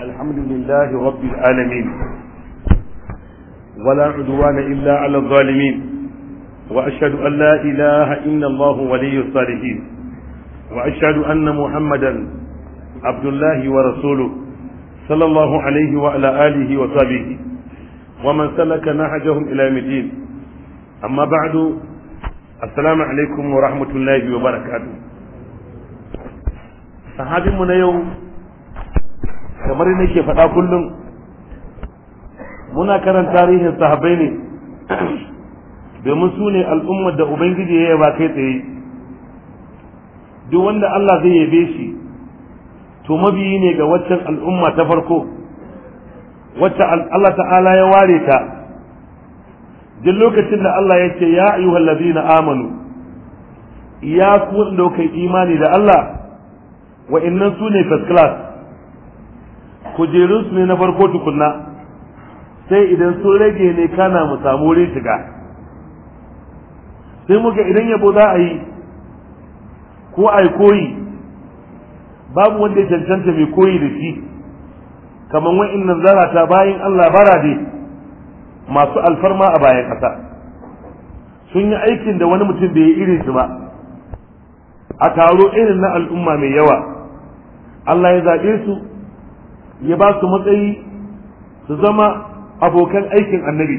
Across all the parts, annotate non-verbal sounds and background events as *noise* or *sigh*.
الحمد لله رب العالمين ولا عدوان إلا على الظالمين وأشهد أن لا إله إلا الله ولي الصالحين وأشهد أن محمدا عبد الله ورسوله صلى الله عليه وعلى آله وصحبه ومن سلك نهجهم إلى مدين أما بعد السلام عليكم ورحمة الله وبركاته صحابي من يوم kamar ke faɗa kullum muna karan tarihin sahabbai ne domin su ne al'ummar da ubangiji ya yaba kai tsaye duk wanda Allah zai yabe shi to mabiyi ne ga waccan al'umma ta farko wacce Allah ta'ala ya ware ta duk lokacin da Allah ya ce ya ayyuhal na amanu ya ku wanda imani da Allah wa'annan su ne first class su ne na farko tukunna sai idan sun rage ne kana mu samu wurin shiga sai muka idan yabo za a yi ko a yi koyi babu wanda ya cancanta mai koyi da shi kamar wa'innan zarata bayan Allah bara dai masu alfarma a bayan ƙasa sun yi aikin da wani mutum bai yi irin su ba a taro irin na al'umma mai yawa Allah ya zaɓe su ya ba su matsayi su zama abokan aikin annabi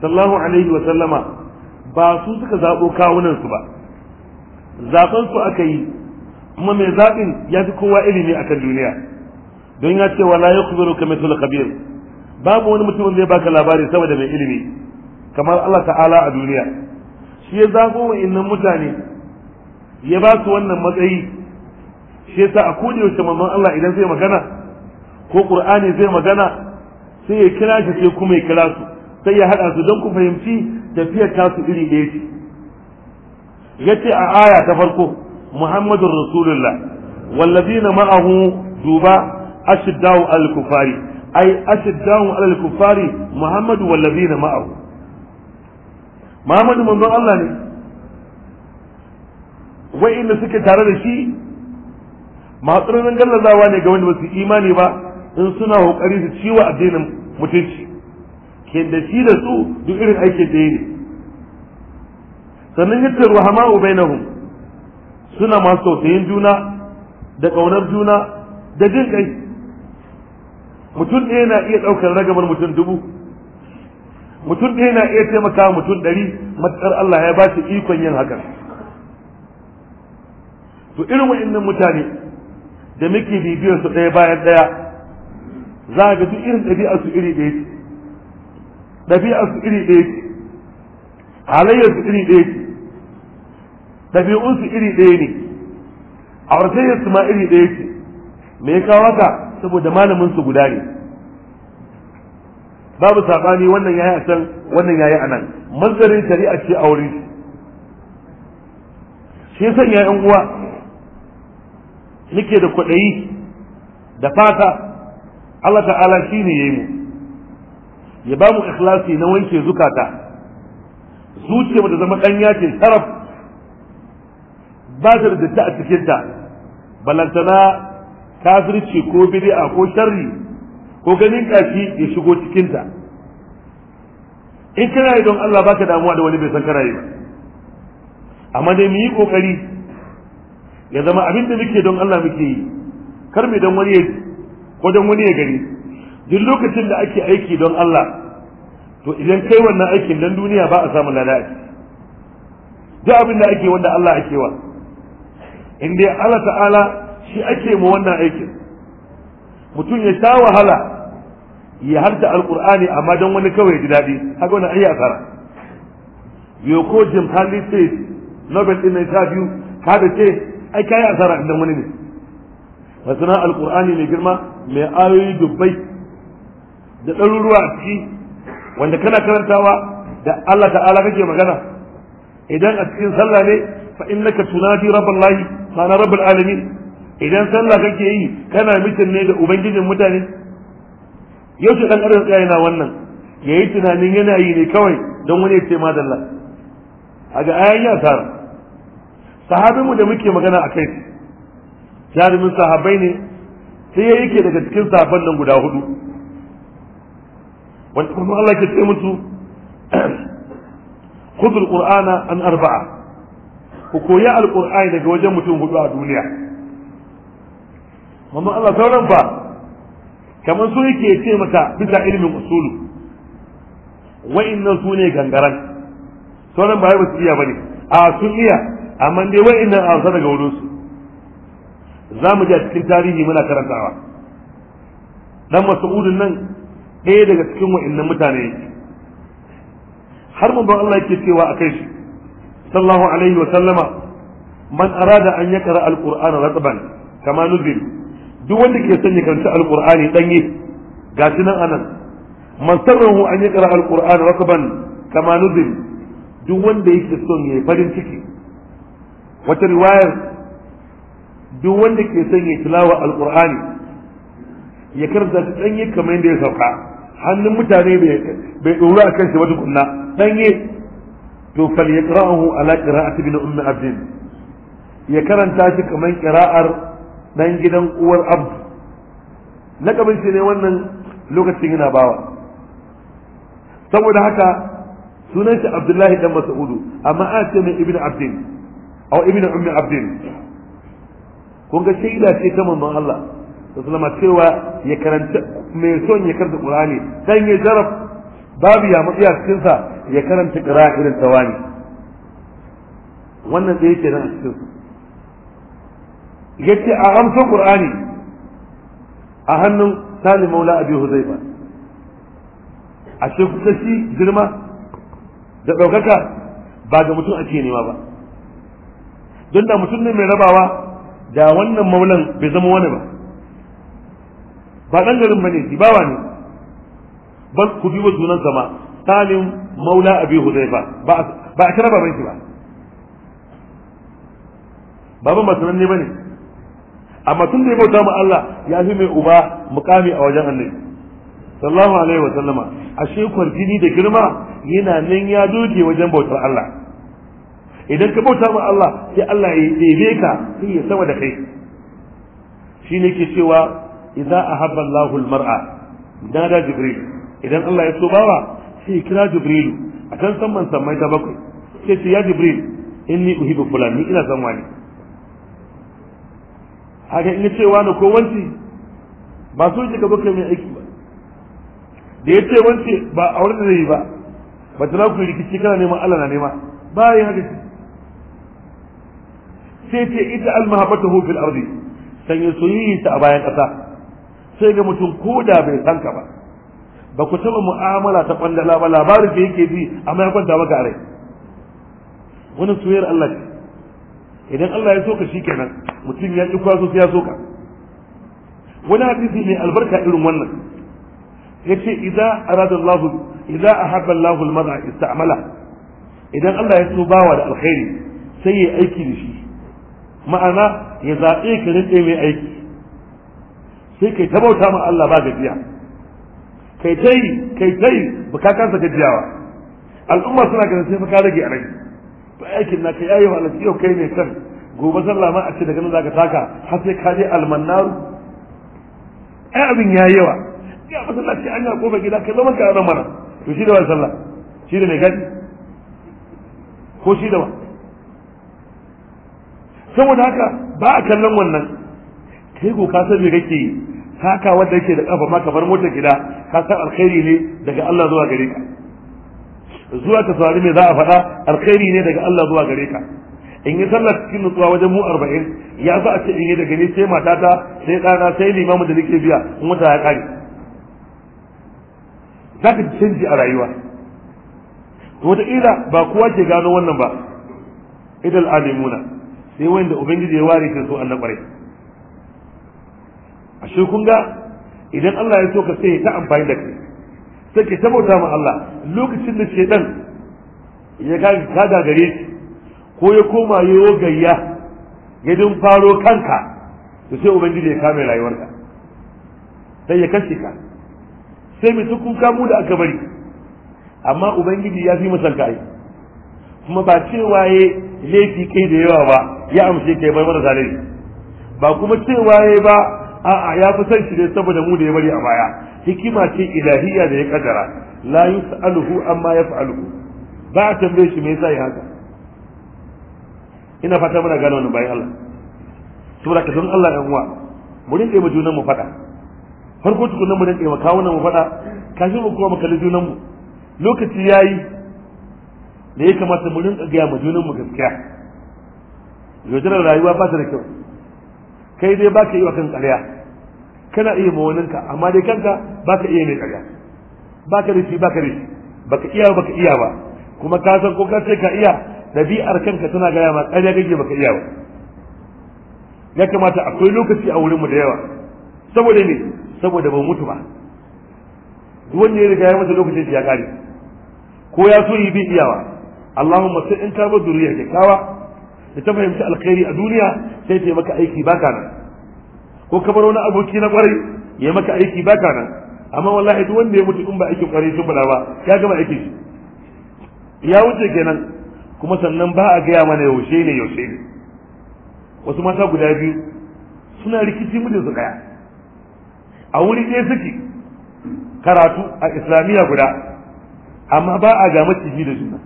sallallahu alaihi wa sallama ba su suka zaɓo kawunansu ba zaɓen su aka yi kuma mai zaɓin ya fi kowa ilimi a kan duniya don ya ce wala yukhbiru ka mithlu khabir babu wani mutum zai baka labari saboda mai ilimi kamar Allah ta'ala a duniya shi ya zaɓo wa innan mutane ya ba su wannan matsayi shi ya sa a kodayaushe manzon Allah idan zai magana ko qur'ani zai magana sai ya kira shi sai kuma ya kira su sai ya hada su don ku fahimci tafiyar tasu iri ɗaya ce yace a aya ta farko muhammadur rasulullah wallazina ma'ahu duba ashiddau al-kufari ai ashiddau al-kufari muhammadu wallazina ma'ahu muhammadu manzon Allah ne inda suke tare da shi masu ranar gallazawa ne ga wanda ba su imani ba in suna kokari su ciwa addinin mutunci ke da shi da su duk irin aikin da ne sannan yadda ruhama'u bainahum suna masu tausayin juna da ƙaunar juna da jin kai mutum ɗaya na iya ɗaukar ragamar mutum dubu mutum ɗaya na iya taimaka mutum ɗari matuƙar Allah ya ba shi ikon yin haka to irin wa'annan mutane da muke bibiyar su ɗaya bayan ɗaya za ga duk irin ɗabi'a su iri ɗaya ce ɗabi'a su iri ɗaya ce halayyar su iri ɗaya ce ɗabi'un su iri ɗaya ne a auratayyar su ma iri ɗaya ce me ya kawo haka saboda malamin su guda ne babu saɓani wannan yayi a can wannan yayi a nan manzarin shari'a ce a wurin shi shi sanya yan uwa nake da kwaɗayi da fata Allah ta'ala shi ne ya yi mu ya ba mu ikhlasi na wanke zukata zuciya da zama ɗanya ce sharaf ba ta da datti a cikinta balantana kafirci ko bid'a ko sharri ko ganin kashi ya shigo cikinta in kana yi don Allah baka damuwa da wani bai san kana yi ba amma dai mu yi kokari ya zama abin da muke don Allah muke yi kar mu dan wani wajen wani ya gani duk lokacin da ake aiki don Allah to idan kai wannan aikin dan duniya ba a samu lada'i duk abin da ake wanda Allah ake wa in dai Allah ta'ala shi ake mu wannan aikin mutum ya sha wahala ya harta alqur'ani amma dan wani kawai ji dadi haka wannan ayi asara yoko jim hali sai nobel in ta biyu ka da ce ai kai asara dan wani ne masana alkur'ani mai girma mai ayoyi dubbai da ɗaruruwa a ciki wanda kana karantawa da Allah ta'ala kake magana idan a cikin sallah ne fa innaka tunadi rabbal lahi ma'ana rabbul alamin idan sallah kake yi kana mutum ne da ubangijin mutane yau ce dan adam yana wannan yayi tunanin yana yi ne kawai don wani ya ce madalla a ga ayan ya sahabinmu da muke magana a kai jarumin sahabbai ne sai ya yake daga cikin sahabban nan guda hudu wanda kuma Allah ke ce musu *clears throat* khudhu alqur'ana an arba'a ku koyi alqur'ani daga wajen mutum hudu a duniya amma Allah sauran fa kamar su yake ce maka bisa ilimin usulu wa'annan su ne gangaran sauran ba ba su iya bane a sun iya amma dai wa'annan an sa daga wurin su za mu ji a cikin tarihi muna karantawa dan mas'udin nan ɗaya daga cikin wa'annan mutane har mun ban Allah yake cewa akai shi sallallahu alaihi wa sallama man arada an yaqra alqur'ana ratban kama nuzil duk wanda ke son ya karanta alqur'ani danye gashi nan anan man sarrahu an yaqra alqur'ana ratban kama nuzil duk wanda yake son ya farin ciki wata riwayar duk wanda ke son ya tilawa alqur'ani ya karanta shi danye kamar yadda ya sauka hannun mutane bai dora a kan shi ba tukunna danye to fal yaqra'uhu ala qira'ati bin ummi abdin ya karanta shi kamar qira'ar dan gidan uwar abdu, na kamar shi ne wannan lokacin yana bawa saboda haka sunan shi abdullahi dan mas'udu amma a ce mai ibnu abdin aw ibnu ummi abdin kun ga shaida ce ta manzon Allah sallama cewa ya karanta mai son ya karanta Qur'ani dan ya jarab babu ya matsaya cikin sa ya karanta qira'a irin tawani wannan zai yake nan a cikin su yace a amsa Qur'ani a hannun Salim Maula Abi Huzaifa a kusa shi girma da ɗaukaka ba ga mutum ake nema ba don da mutum ne mai rabawa da wannan maulan bai zama wani ba ba ɗan garin ba ne ba ne bal ku bi wa junan sama salim maula abi hudayfa ba a kira ba banki ba baban ba sanan ne ba ne amma tun da ya bauta mu Allah ya fi mai uba mukami a wajen annabi sallallahu alaihi wa sallama ashe kwarjini da girma yana nan ya doge wajen bautar Allah idan ka bauta ma Allah sai Allah ya ɗebe ka sai ya sama da kai shi ne ke cewa idza ahabba Allahu al-mar'a nada jibril idan Allah ya so bawa sai kira jibril a kan saman sammai ta bakwai sai ce ya jibril inni uhibbu fulan ni ina san wani haka in ce wani ko wanci ba so ji ka baka mai aiki ba da ya ce wance ba a wurin da zai ba ba ta ku rikici kana neman Allah na nema ba yi haka sai ce ita almahabatahu fil ardi sanya soyayyarsa a bayan ƙasa sai ga mutum ko da bai san ka ba ba ku taɓa mu'amala ta ƙwandala ba labarin da yake bi amma ya kwanta maka rai wani soyayyar Allah ce idan Allah ya soka shi kenan mutum ya ƙi kwaso sai ya soka wani hadisi mai albarka irin wannan ya ce idan arada Allah idan ahabba Allah al-mar'a istamala idan Allah ya so bawa da alkhairi sai ya aiki da shi ma'ana ya zaɓe ka riƙe mai aiki sai kai ta bauta ma Allah ba gajiya kai yi kai yi bukakan sa gajiyawa al'umma suna ganin sai fa rage a rai ba aikin na kai ayyuka Allah yau kai mai kan gobe sallah ma a ce daga nan zaka taka har sai ka je almannaru ai abin ya yawa sallah sai an ya gobe gida kai zama ka ran mana to shi da wani sallah shi da mai gadi ko shi da wani saboda haka ba a kallon wannan kai ko ka san me kake yi haka wanda yake da kafa ma kamar motar gida ka san alkhairi ne daga Allah zuwa gare ka zuwa ka saurari me za a faɗa alkhairi ne daga Allah zuwa gare ka in yi sallar cikin nutsuwa wajen mu arba'in ya za a ce in yi daga ni sai matata sai ɗana sai limamu da nake biya in wata ya ƙare za ka canji a rayuwa wataƙila ba kowa ke gano wannan ba idal alimuna sai wanda ubangiji ya ware ka so Allah kwarai ashe kun ga idan Allah ya so ka sai ta amfani da kai sai ka tabauta ma Allah lokacin da shedan ya ga ka gagare shi ko ya koma yayo gayya ya dun faro kanka to sai ubangiji ya kame rayuwarka sai ya kashe ka sai mutukun kun kamu da aka bari amma ubangiji ya fi masalka aiki kuma ba cewa ya laifi kai da yawa ba ya amshe kai bai mara zalimi ba kuma cewa ya ba a'a ya fi san shi ne saboda mu da ya bari a baya hikima ce ilahiyya da ya kaddara la yus'aluhu amma yaf'aluhu ba a tambaye shi me yasa ya haka ina fata muna gano wannan bayan Allah saboda ka san Allah 'yan uwa mu rinƙe mu junan mu faɗa farko tukunan mu rinƙe mu kawo mu faɗa kafin mu kuma mu kalli junan mu lokaci yayi da ya kamata mu rinka gaya ma junanmu gaskiya yaudarar rayuwa ba ta da kyau kai dai baka yi wa kan ƙarya kana iya ma amma dai kanka baka iya mai ƙarya baka da shi baka da shi baka iya baka iya ba kuma ka san ko ka sai ka iya dabi'ar kanka tana gaya ma ƙarya kake baka iya ba ya kamata akwai lokaci a wurinmu da yawa saboda ne saboda ba mutu ba duk wanda ya riga ya masa lokacin ya kare ko ya so yi bi iyawa Allahumma sai in ta ya zuriya kyakkyawa da ta fahimci alkhairi a duniya sai ta yi maka aiki baka nan ko ka wani aboki na kwarai ya maka aiki baka nan amma wallahi duk wanda ya mutu in ba aikin kwarai sun bada ba ya gama aikin shi ya wuce kenan kuma sannan ba a gaya mana yaushe ne yaushe ne wasu mata guda biyu suna rikici mijinsu ɗaya a wuri ɗaya suke karatu a islamiyya guda amma ba a ga maciji da juna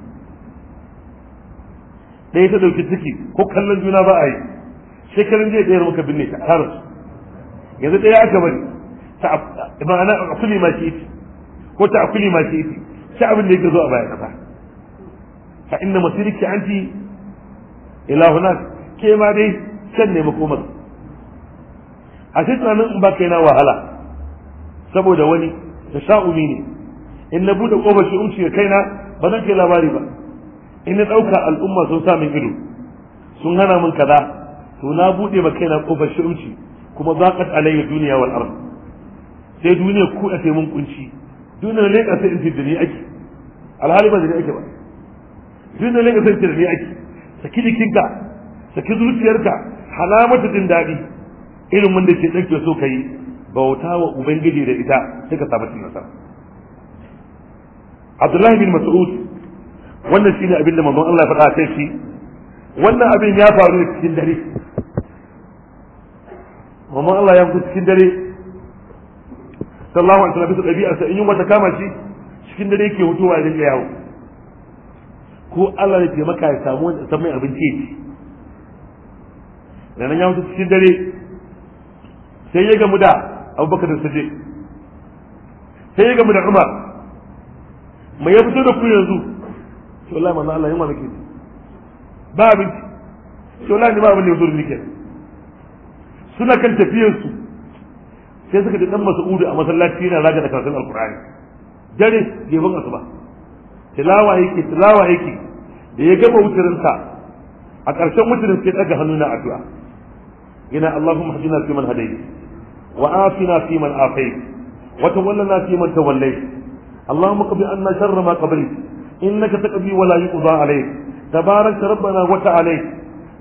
ɗaya ta ɗauki ciki ko kallon juna ba a yi shekarun jiya ɗaya muka binne ta har yanzu ɗaya aka bari ta ma'ana kuli ma iti ko ta kuli ma iti ta abin da yake zo a baya kasa fa inna masiriki anti ila hunak ke ma dai can ne makomar a cikin tunanin in ba kai na wahala saboda wani ta sha'umi ne in na buɗe ƙofar shi umci ga kaina ba zan kai labari ba in na ɗauka al'umma sun sa min ido sun hana min kaza to na buɗe ma kaina ƙofar shi'umci kuma zaqat alayya duniya wal ard sai duniya ku a mun kunci duniya ne ka sai in da ni ake alhali ba da ni ake ba duniya ne ka sai da ni ake saki jikinka saki zuciyarka mata jin daɗi irin wanda ke ɗauke so ka yi bauta wa ubangiji da ita sai ka samu cin nasara abdullahi bin mas'ud wannan shine abin da manzon Allah ya faɗa kai shi wannan abin ya faru cikin dare manzon Allah ya gudu cikin dare sallallahu alaihi wasallam bi ɗabi'arsa in wata kama shi cikin dare yake hutuwa ya dinga yawo ko Allah ya taimaka ya samu wanda san mai abinci da nan ya mutu cikin dare sai ya gamu da abubakar da je sai ya gamu da umar mai ya fito da ku yanzu to wallahi manzo Allah yunwa nake ba abinci to wallahi ni ba abin da yazo ni suna kan tafiyar su sai suka ji dan Mas'udu a masallaci yana raga da karatun Alqur'ani dare ban asuba tilawa yake tilawa yake da ya gaba wuturinsa a ƙarshen mutumin sai ɗaga hannuna addu'a yana Allahumma hadina fi man hadayt wa afina fi man afayt wa tawallana fi man tawallayt Allahumma qabi anna sharra ma qabli إنك تقضي ولا يقضى عليك تبارك ربنا وتعالى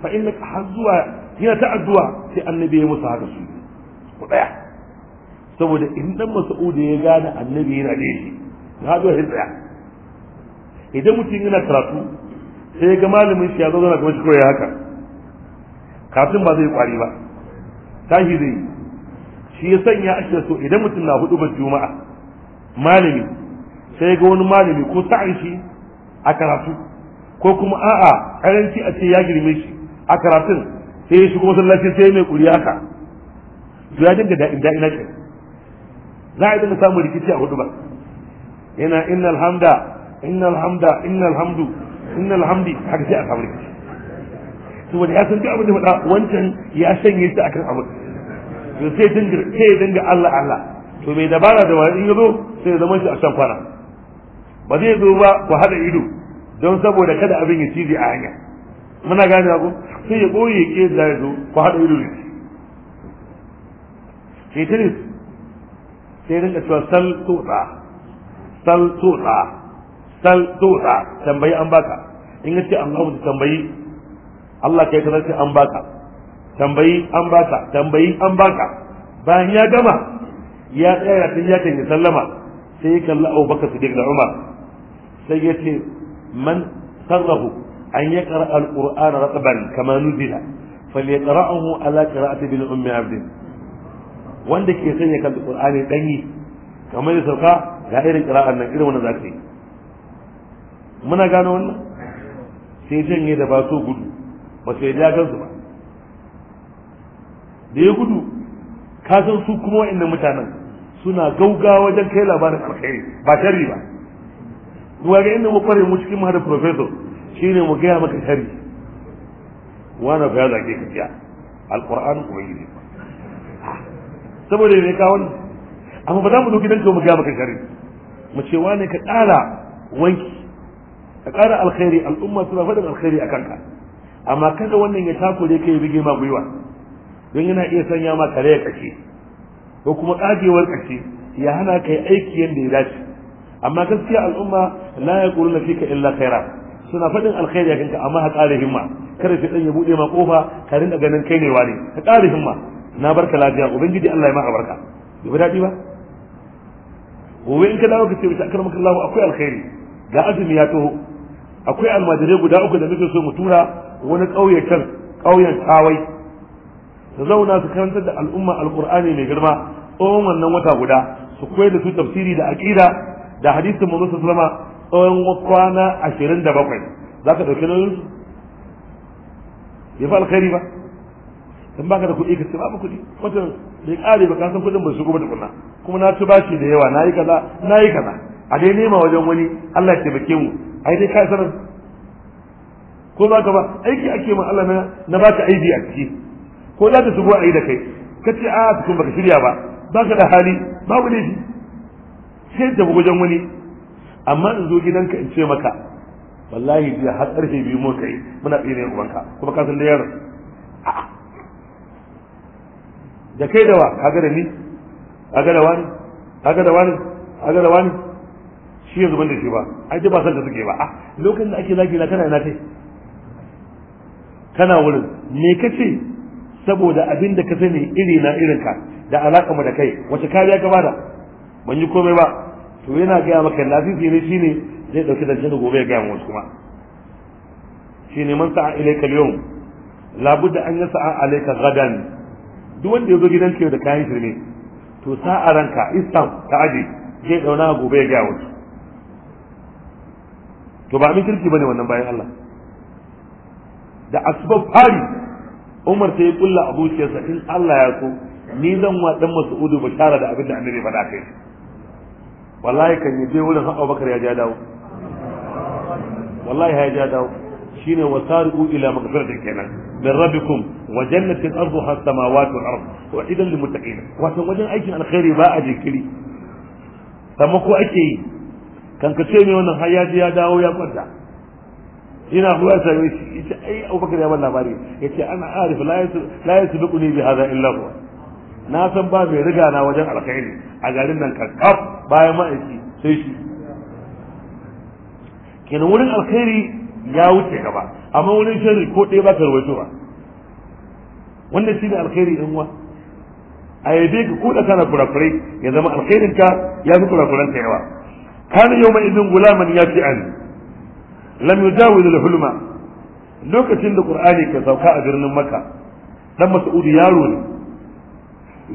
فإنك حزوا هنا تعدوا في النبي موسى هذا الشيء saboda idan masa'udu ya gane annabi yana da shi na zo idan mutum yana karatu sai ga malamin shi ya zo zana kuma shi koya haka kafin ba zai kwari ba tashi zai yi shi ya sanya ashirar so idan mutum na hudu ba juma'a malami sai ga wani malami ko sa'in shi a karatu ko kuma a'a karanci a ce ya girme shi a karatun sai ya shigo masallacin sai mai kuri haka to ya dinga da'in da'in ake za a dinga samun rikici a hudu ba yana inna alhamda inna alhamda inna alhamdu inna alhamdi haka sai a samu rikici wani ya san duk abin da faɗa wancan ya shanye shi akan abu to sai dinga sai dinga Allah Allah to mai dabara da wani yazo sai ya zama shi a shan kwana ba zai zo ba ku haɗa ido don saboda kada abin ya cize a hanya muna gane ku sai ya ɓoye ke da ya zo ku haɗa ido ne sai sai rinka cewa sal tutsa sal tutsa sal tutsa tambayi an baka in ka ce Allahu tambayi Allah kai ta ce an baka tambayi an baka tambayi an baka bayan ya gama ya tsaya tun ya kan sallama sai ya kalli abubakar su da Umar sai ya ce man sarrahu an ya ƙara al'ur'an ratsaban kama nuzila falyaqra'ahu ala qira'ati bil ummi abdin wanda ke sanya ya kalli qur'ani ɗanyi kamar ya sauka ga irin a nan irin za ka yi muna gano wannan sai janye da ba so gudu ba sai ya gansu ba da ya gudu ka san su kuma wa'annan mutanen suna gauga wajen kai labarin alkhairi ba sharri ba duwa ga inda mu mu cikin mahadar professor shine mu gaya maka shari wani fa ya zage ka jiya yi ubangiji saboda me ne wannan amma ba za mu doki danka mu gaya maka shari mu ce wani ka ƙara wanki ka ƙara alkhairi al'umma suna faɗin alkhairi a kanka amma kada wannan ya takure ka ya bige ma gwiwa don yana iya sanya ma kare ya kashe ko kuma ƙagewar kashe ya hana ka yi aiki yadda ya dace amma gaskiya al'umma la na fika illa khaira suna faɗin alkhairi akan ka amma ha ƙara himma kada sai dan ya bude ma kofa ka rinda ganin kai ne wani ka ƙara himma na barka lafiya ubangiji Allah ya ma barka ba daɗi ba gobe in ka dawo ka ce mata ka Allah akwai alkhairi ga azumi ya taho akwai almajirai guda uku da muke so mu tura wani ƙauye can ƙauyen tawai su zauna su karantar da al'umma alqur'ani mai girma tsohon wannan wata guda su koyar da su tafsiri da aqida da hadisin manzo sallama tsawon kwana ashirin da bakwai za ka ɗauki nauyin ya fi alkhairi ba in baka da kuɗi ka ce babu kuɗi wata bai ƙare ba ka san kuɗin ba shigo ba tukuna kuma na ci bashi da yawa na yi kaza na yi kaza a dai nema wajen wani Allah ya taimake mu ai dai ka sanar ko ba ka ba aiki ake ma Allah na na baka aibi a ciki ko za ka shigo a yi da kai ka ce a ah, tukun baka shirya ba ka da hali babu laifi sai tafi wajen wani amma in zo gidanka in ce maka wallahi jiya har karfe biyu mun kai muna tsere ubanka kuma ka san da yaron da kai da wa kaga da ni kaga da wani kaga da wani kaga da wani shi yanzu ban da shi ba ai ba san da suke ba a lokacin da ake zagi na kana ina kai kana wurin me kace saboda abin da ka sani iri na irinka da alaƙa mu da kai wace kariya ka bada ban yi komai ba to yana gaya maka lafifi ne shine zai dauki da da gobe ya gaya wasu kuma shine man sa'a ilayka al-yawm da an yasa'a alayka gadan duk wanda ya zo gidanka da kayan shirme to sa'a ranka istam ta aje zai dauna gobe ya gaya wasu to ba min kirki bane wannan bayan Allah da asbab fari Umar ta yi kulla sa in Allah ya so ni zan wa dan Mas'udu bashara da abin da annabi faɗa kai wallahi kan yi je wurin haɓa bakar ya ja dawo wallahi ya ja dawo shine wasari'u ila magfiratin kenan min rabbikum wa jannatin arduha samawati wal ard wa idan lil muttaqin wato wajen aikin alkhairi ba a jinkiri kamar ko ake yi kan ka ce mai wannan har ya ya dawo ya kwanta ina zuwa same shi ita ai abubakar ya ban labari yace ana arif la yasu bi hadha illa huwa na san ba mai riga na wajen alkhairi a garin nan kakkaf bayan ma'aiki sai shi kenan wurin alkhairi ya wuce gaba amma wurin sharri ko ɗaya ba ka rawaito ba wannan shi ne alkhairi ɗin wa a yabe ka ko da kana kurakurai ya zama alkhairin ka ya fi kurakuran ta yawa kana yau mai izin gulaman ya fi an lam yudawi da hulma lokacin da qur'ani ka sauka a birnin makka dan mas'udi yaro ne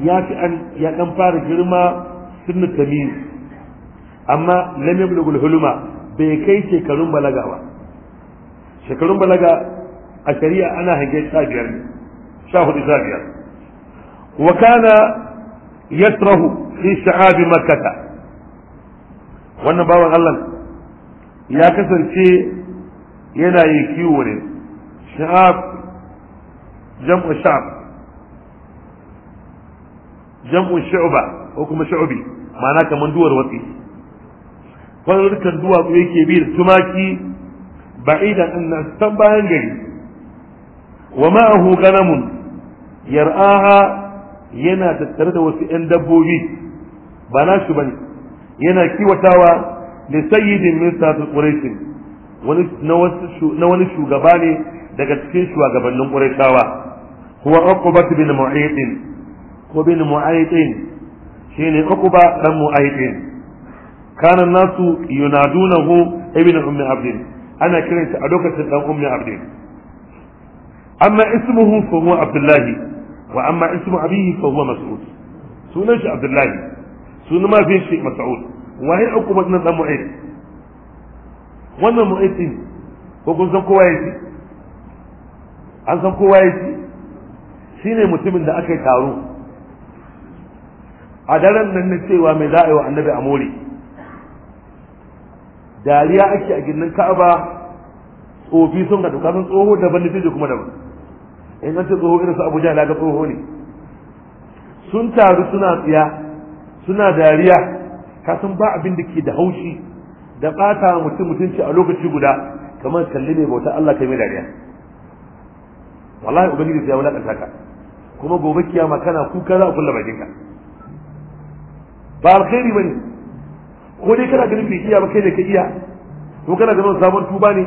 ya fi an ya dan fara girma sunna tamiz amma lam yablughul huluma bai kai shekarun balaga ba shekarun balaga a shari'a ana hange sha biyar ne sha hudu sha biyar wa kana yasrahu fi sha'abi makkah wannan bawan Allah ya kasance yana yi kiwo ne sha'ab jam'u sha'ab Jam'un shu'ba ko kuma shu'bi ma'ana kaman duwar watsi kwanukan duwatsu yake bi da tumaki ba'idan annas san bayan gari wa ma'ahu ganamun yar'aha yana tattare da wasu 'yan dabbobi ba na shi bane yana kiwatawa da sayyidin min sa'atul wani na wani shugaba ne daga cikin shugabannin quraishawa huwa uqbat bin mu'ayth وبين معيطين شيني أقبى بن معيطين كان الناس ينادونه ابن أم عبد أنا كرهت أدوكة أم عبد أما اسمه فهو عبد الله وأما اسم أبيه فهو مسعود سنش عبد الله سن ما في شيء مسعود وهي أقبى بن معيط wannan mu'aitin ko kun san kowa yake an san kowa yake shine mutumin a daren nan na cewa mai za wa annabi a more dariya ake a ginin ka'aba tsofi sun ga dukkan tsoho daban da kuma daban in an ce tsoho irin su abuja na ga tsoho ne sun taru suna tsiya suna dariya ka sun ba abin da ke da haushi da bata mutum mutunci a lokaci guda kamar kalli ne bauta Allah kai mai dariya wallahi ubangiji ya wulaka ka kuma gobe kiyama kana kuka za a kulla bakinka ba alkhairi bane ko dai kana ganin bai iya ba kai da ka iya ko kana ganin sabon tuba ne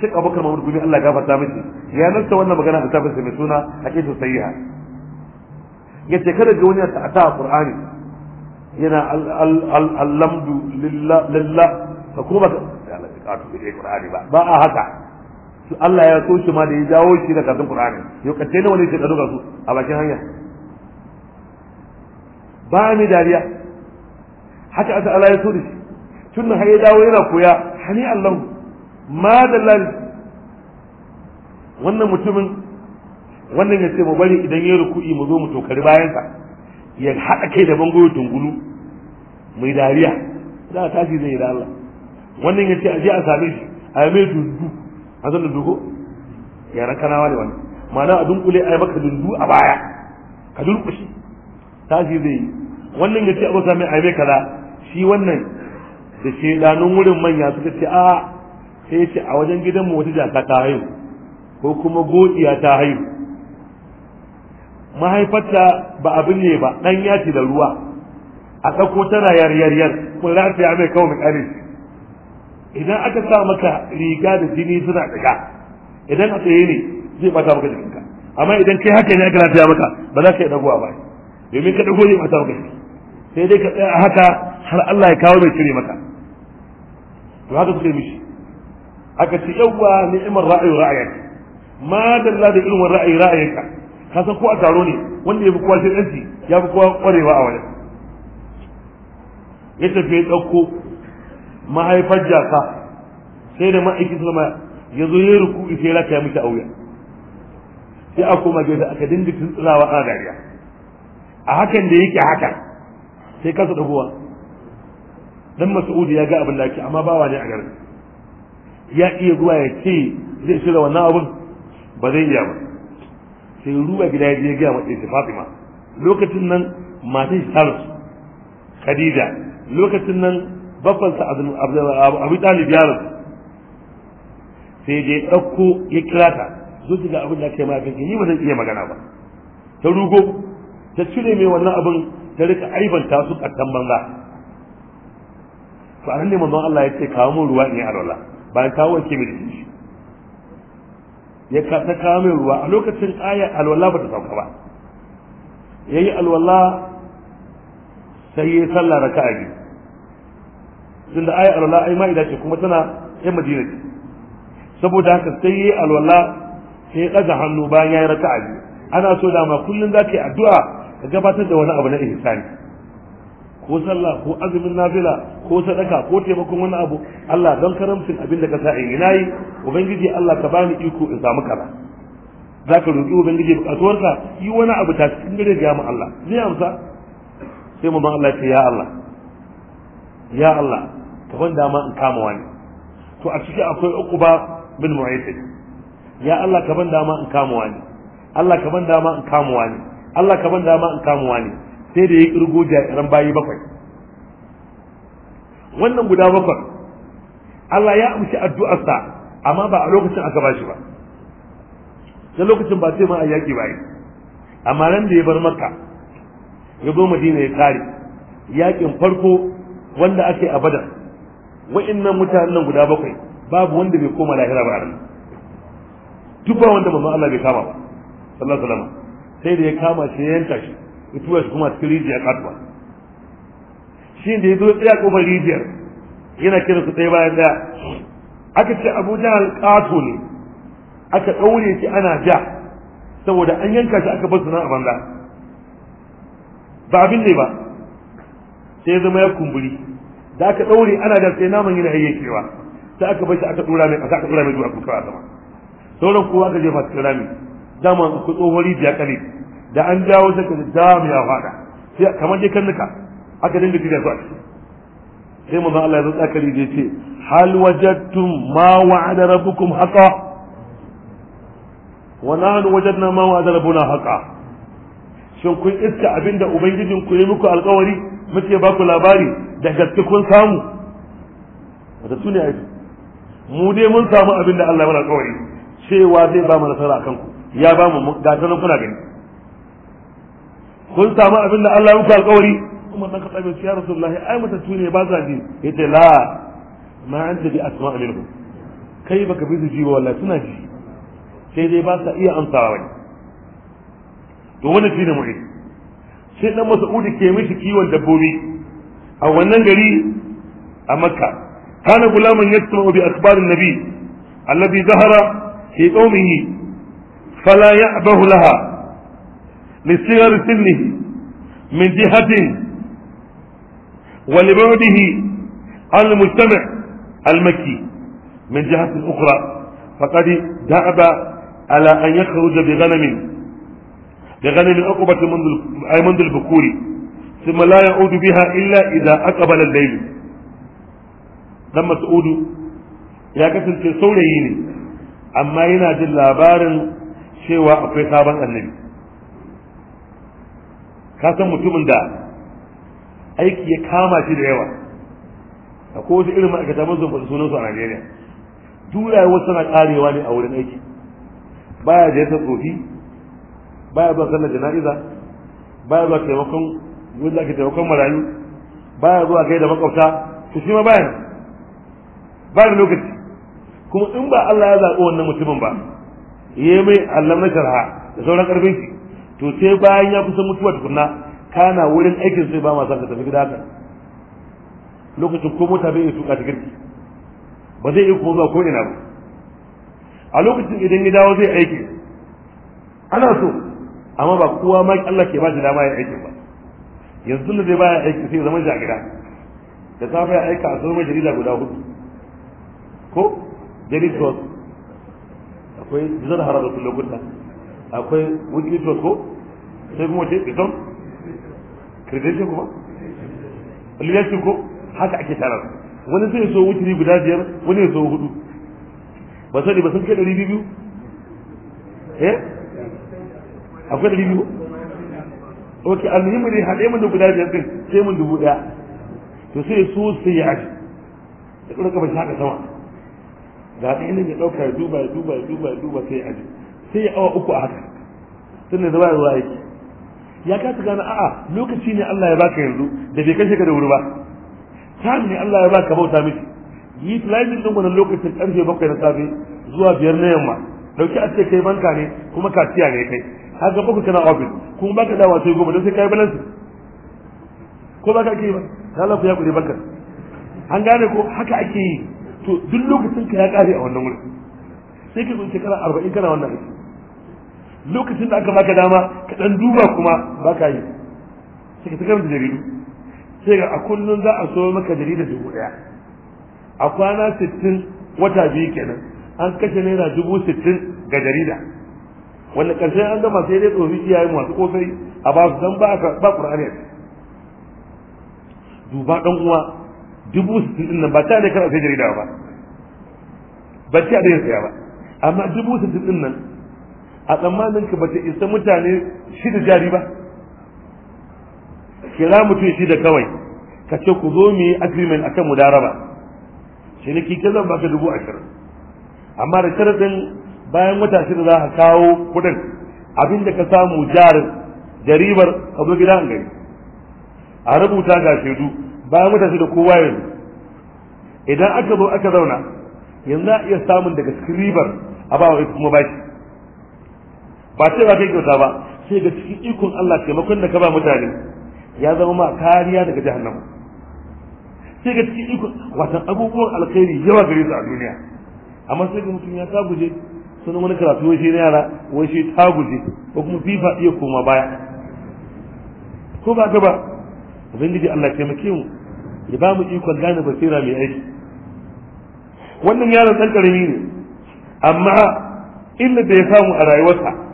shek abubakar mahmud gumi allah gafarta miki ya nasta wannan magana da tafsir mai suna haqiqatu sayyiha yace kada ga wani ta ta qur'ani yana al-lamdu lillah lillah ka kuma ka qur'ani ba ba a haka su Allah ya so shi ma da ya jawo shi da karatun Qur'ani yau kace ne wani ke kado su a bakin hanya ba ni dariya haka aka Allah ya so da shi tun har ya dawo yana koya hani Allah ma da wannan mutumin wannan ya ce mu bari idan ya ruku'i mu zo mu tokari sa ya haɗa kai da bango tungulu mai dariya za a tashi zai yi da Allah wannan ya ce a je a same shi a yi mai dundu a zan dundu yaran kanawa ne wannan ma'ana a dunkule a yi maka dundu a baya ka durƙushi tashi zai yi wannan ya ce a same a yi mai kaza shi wannan da shedanun wurin manya suka ce a sai ce a wajen gidanmu wata jaka ta haihu ko kuma godiya ta haihu mahaifarta ba abin ne ba ɗan yaci da ruwa a ɗauko tana yaryaryar kun rataya mai kawo mai idan aka sa maka riga da jini suna daga idan a tsaye ne zai bata maka jikinka amma idan kai haka ne aka rataya maka ba za ka yi ɗagowa ba domin ka ɗago zai bata maka jiki sai dai ka tsaya haka har Allah ya kawo mai cire maka to haka suke mishi aka ce yawwa ni'imar ra'ayi ra'ayak ma dalla da irin ra'ayi ra'ayaka ka san ko a taro ne wanda ya fi kowa shirkanci ya fi kowa ƙwarewa a wajen ya tafi ya ɗauko mahaifar jaka sai da ma'aikin sulama ya zo ya ruku sai raka ya mishi a wuya sai a koma gefe aka dinga tuntsulawa a dariya a hakan da yake hakan sai kasa dagowa dan mas'ud ya ga abin da yake amma ba ne a garin ya iya zuwa ya ce zai shirya wannan abin ba zai iya ba sai ruwa gida ya je ga mace Fatima lokacin nan matan shi Sarus Khadija lokacin nan babbansa Abu Talib ya rasu sai je dauko ya kira ta zo ki ga abin da kai mafi ni ba zan iya magana ba ta rugo ta cire mai wannan abin ta rika aibanta su kattan banza to anan ne manzon Allah ya ce kawo min ruwa in alwala bayan kawo ke mai shi ya ka ta kawo min ruwa a lokacin aya alwala ba ta sauka ba yayi alwala sai ya sallah raka'a biyu da aya alwala ai ma'ida ce kuma tana yan madina ce saboda haka sai yi alwala sai ya ɗaga hannu bayan yayi raka'a biyu ana so dama kullun zaka yi addu'a ka gabatar da wani abu na ihsani ko sallah ko azumin nafila ko sadaka ko taimakon wani abu Allah don karamcin abin da ka sa in yi ubangiji Allah ka bani iko in samu kaza zaka roki ubangiji bukatuwarka yi wani abu ta cikin gare ga mu Allah zai amsa sai mu ban Allah ce ya Allah ya Allah ka ban dama in kama wani to a ciki akwai uquba bin mu'ayyid ya Allah ka ban dama in kama wani Allah ka ban dama in kama wani Allah ka ban dama in kama wani sai da ya kirgo jairan bayi bakwai wannan guda bakwai Allah ya amshi addu'arsa amma ba a lokacin aka bashi ba da lokacin ba sai ma a yaki ba amma nan da ya bar maka ya zo madina ya kare yakin farko wanda ake a badar wa'innan mutanen guda bakwai babu wanda bai koma lahira ba a nan duk ba wanda manzon Allah bai kama ba sallallahu alaihi wasallam sai da ya kama shi ya yanta shi ku tura shi kuma cikin rijiyar katuwa shi da ya zo tsaya kofar rijiyar yana kira su tsaye bayan daya aka ce abu jihar kato ne aka ɗaure shi ana ja saboda an yanka shi aka bar sunan a banza ba abin ne ba sai ya zama ya kumburi da aka ɗaure ana da sai naman yana kewa sai aka bar shi aka ɗora mai ƙasa aka ɗora mai zuwa kuka a sama sauran kowa aka jefa cikin rami dama ku tsohon rijiya kare. da an jawo sai ka ji dam ya fada sai kamar je kannuka aka dinga tijiya su a ciki sai manzon Allah ya zo tsakari da ce hal wajadtum ma wa'ada rabbukum haqa wa nahnu wajadna ma wa'ada rabbuna haqa shin kun iska abinda ubangijin ku ya muku alkawari muke ba ku labari da gaske kun samu wata su ne aiki mu dai mun samu abinda Allah ya mana alkawari cewa zai ba mu nasara akan ku ya ba mu gatanan kuna gani kun samu abin da Allah ya muku alƙawari kuma nan ka tsabe ya rasulullahi ai mata tuni ba za ji yace la ma anta bi asma minhum kai baka bi su ji ba wallahi suna ji sai dai ba sa iya amsawa bane to wannan shine mu'id sai dan Mas'ud ke mishi kiwon dabbobi a wannan gari a Makka kana gulaman yasma'u bi akhbarin nabi alladhi zahara fi qaumihi fala ya'bahu laha لصغر سنه من جهة ولبعده عن المجتمع المكي من جهة أخرى فقد دأب على أن يخرج بغنم بغنم عقبة منذ البكور ثم لا يعود بها إلا إذا أقبل الليل لما تعود يا kasance في ne أما ينادي jin labarin cewa akwai sabon annabi ka san mutumin da aiki ya kama shi da yawa ko wasu irin ma'aikata mun zumfa sunansu a Najeriya duk wasu suna karewa ne a wurin aiki baya da yasa tsofi baya zuwa sallar jana'iza baya zuwa taimakon wanda ake taimakon marayu baya zuwa da makwabta to shi ma baya baya lokaci kuma in ba Allah ya zaɓi wannan mutumin ba yayi mai Allah na sharha da sauran karfin shi to sai bayan ya kusa mutuwa tukunna kana wurin aikin sai ba ma ka tafi gida ka lokacin ko mota bai tuka ta girki ba zai iya kuma zuwa ko ina ba a lokacin idan ya dawo zai aiki ana so amma ba kowa ma Allah ke ba shi dama ya aiki ba yanzu da zai baya aiki sai zama shi a gida da safe ya aika a zama jarida guda hudu ko jarida akwai bizar harar da lokuta akwai wikipedia ko sai kuma ce idan credential kuma leadership ko haka ake tarar wani zai so wuturi guda biyar wani ya so hudu ba sani ba sun kai ɗari biyu eh akwai ɗari biyu ok almuhimmi ne haɗe mun da guda biyar din sai mun dubu ɗaya to sai so sai ya aji da ɗaukar kafa haka sama ga ɗaya ne ya ɗauka ya duba ya duba ya duba sai ya aji sai ya awa uku a haka tun da zuwa zuwa yake ya kasa gane a'a lokaci ne Allah ya baka yanzu da bai kashe ka da wuri ba time ne Allah ya baka bauta miki yi tilajin din wannan lokacin karfe bakwai na safe zuwa biyar na yamma dauki a ce kai banka ne kuma kasiya ne kai har ga bakwai kana office kuma baka dawa sai goma don sai kai balance ko ba ka ake ba lalafu ya kuɗe banka an gane ko haka ake yi to duk lokacin ka ya kare a wannan wurin sai ka zo shekara arba'in kana wannan aiki lokacin da aka baka dama ka dan duba kuma ba ka yi sai ka da jaridu sai ga a kullun za a so maka jarida dubu daya a kwana sittin wata biyu kenan an kashe naira dubu sittin ga jarida wanda karshen an gama sai dai tsofi iyaye masu kofai a ba su dan ba ba qur'ani duba dan uwa dubu sittin din nan ba ta ne kana sai jarida ba ba ta da yin saya ba amma dubu sittin din nan a tsammanin ka bata isa mutane shida jari ba kira mutum shida kawai ka ce ku zo mu yi agreement akan mudaraba shi ne kike zan baka dubu ashirin amma da sharadin bayan wata shida za ka kawo kuɗin abin da ka samu jarin jaribar ka zo gida gari a rubuta ga shaidu bayan wata shida kowa yanzu idan aka zo aka zauna yanzu a iya samun daga ribar a bawa ita kuma bashi ba ce ba kai kyauta ba sai ga cikin ikon Allah taimakon da ka ba mutane ya zama ma kariya daga jahannama sai ga cikin ikon watan abubuwan alkhairi yawa gare su a duniya amma sai ga mutum ya ta guje sunan wani karatu wai shi na yara wai shi ta guje ko kuma fifa iya koma baya ko ba gaba ubangiji Allah taimake mu ya ba mu ikon gane basira mai aiki wannan yaron dan karami ne amma illa da ya samu a rayuwarsa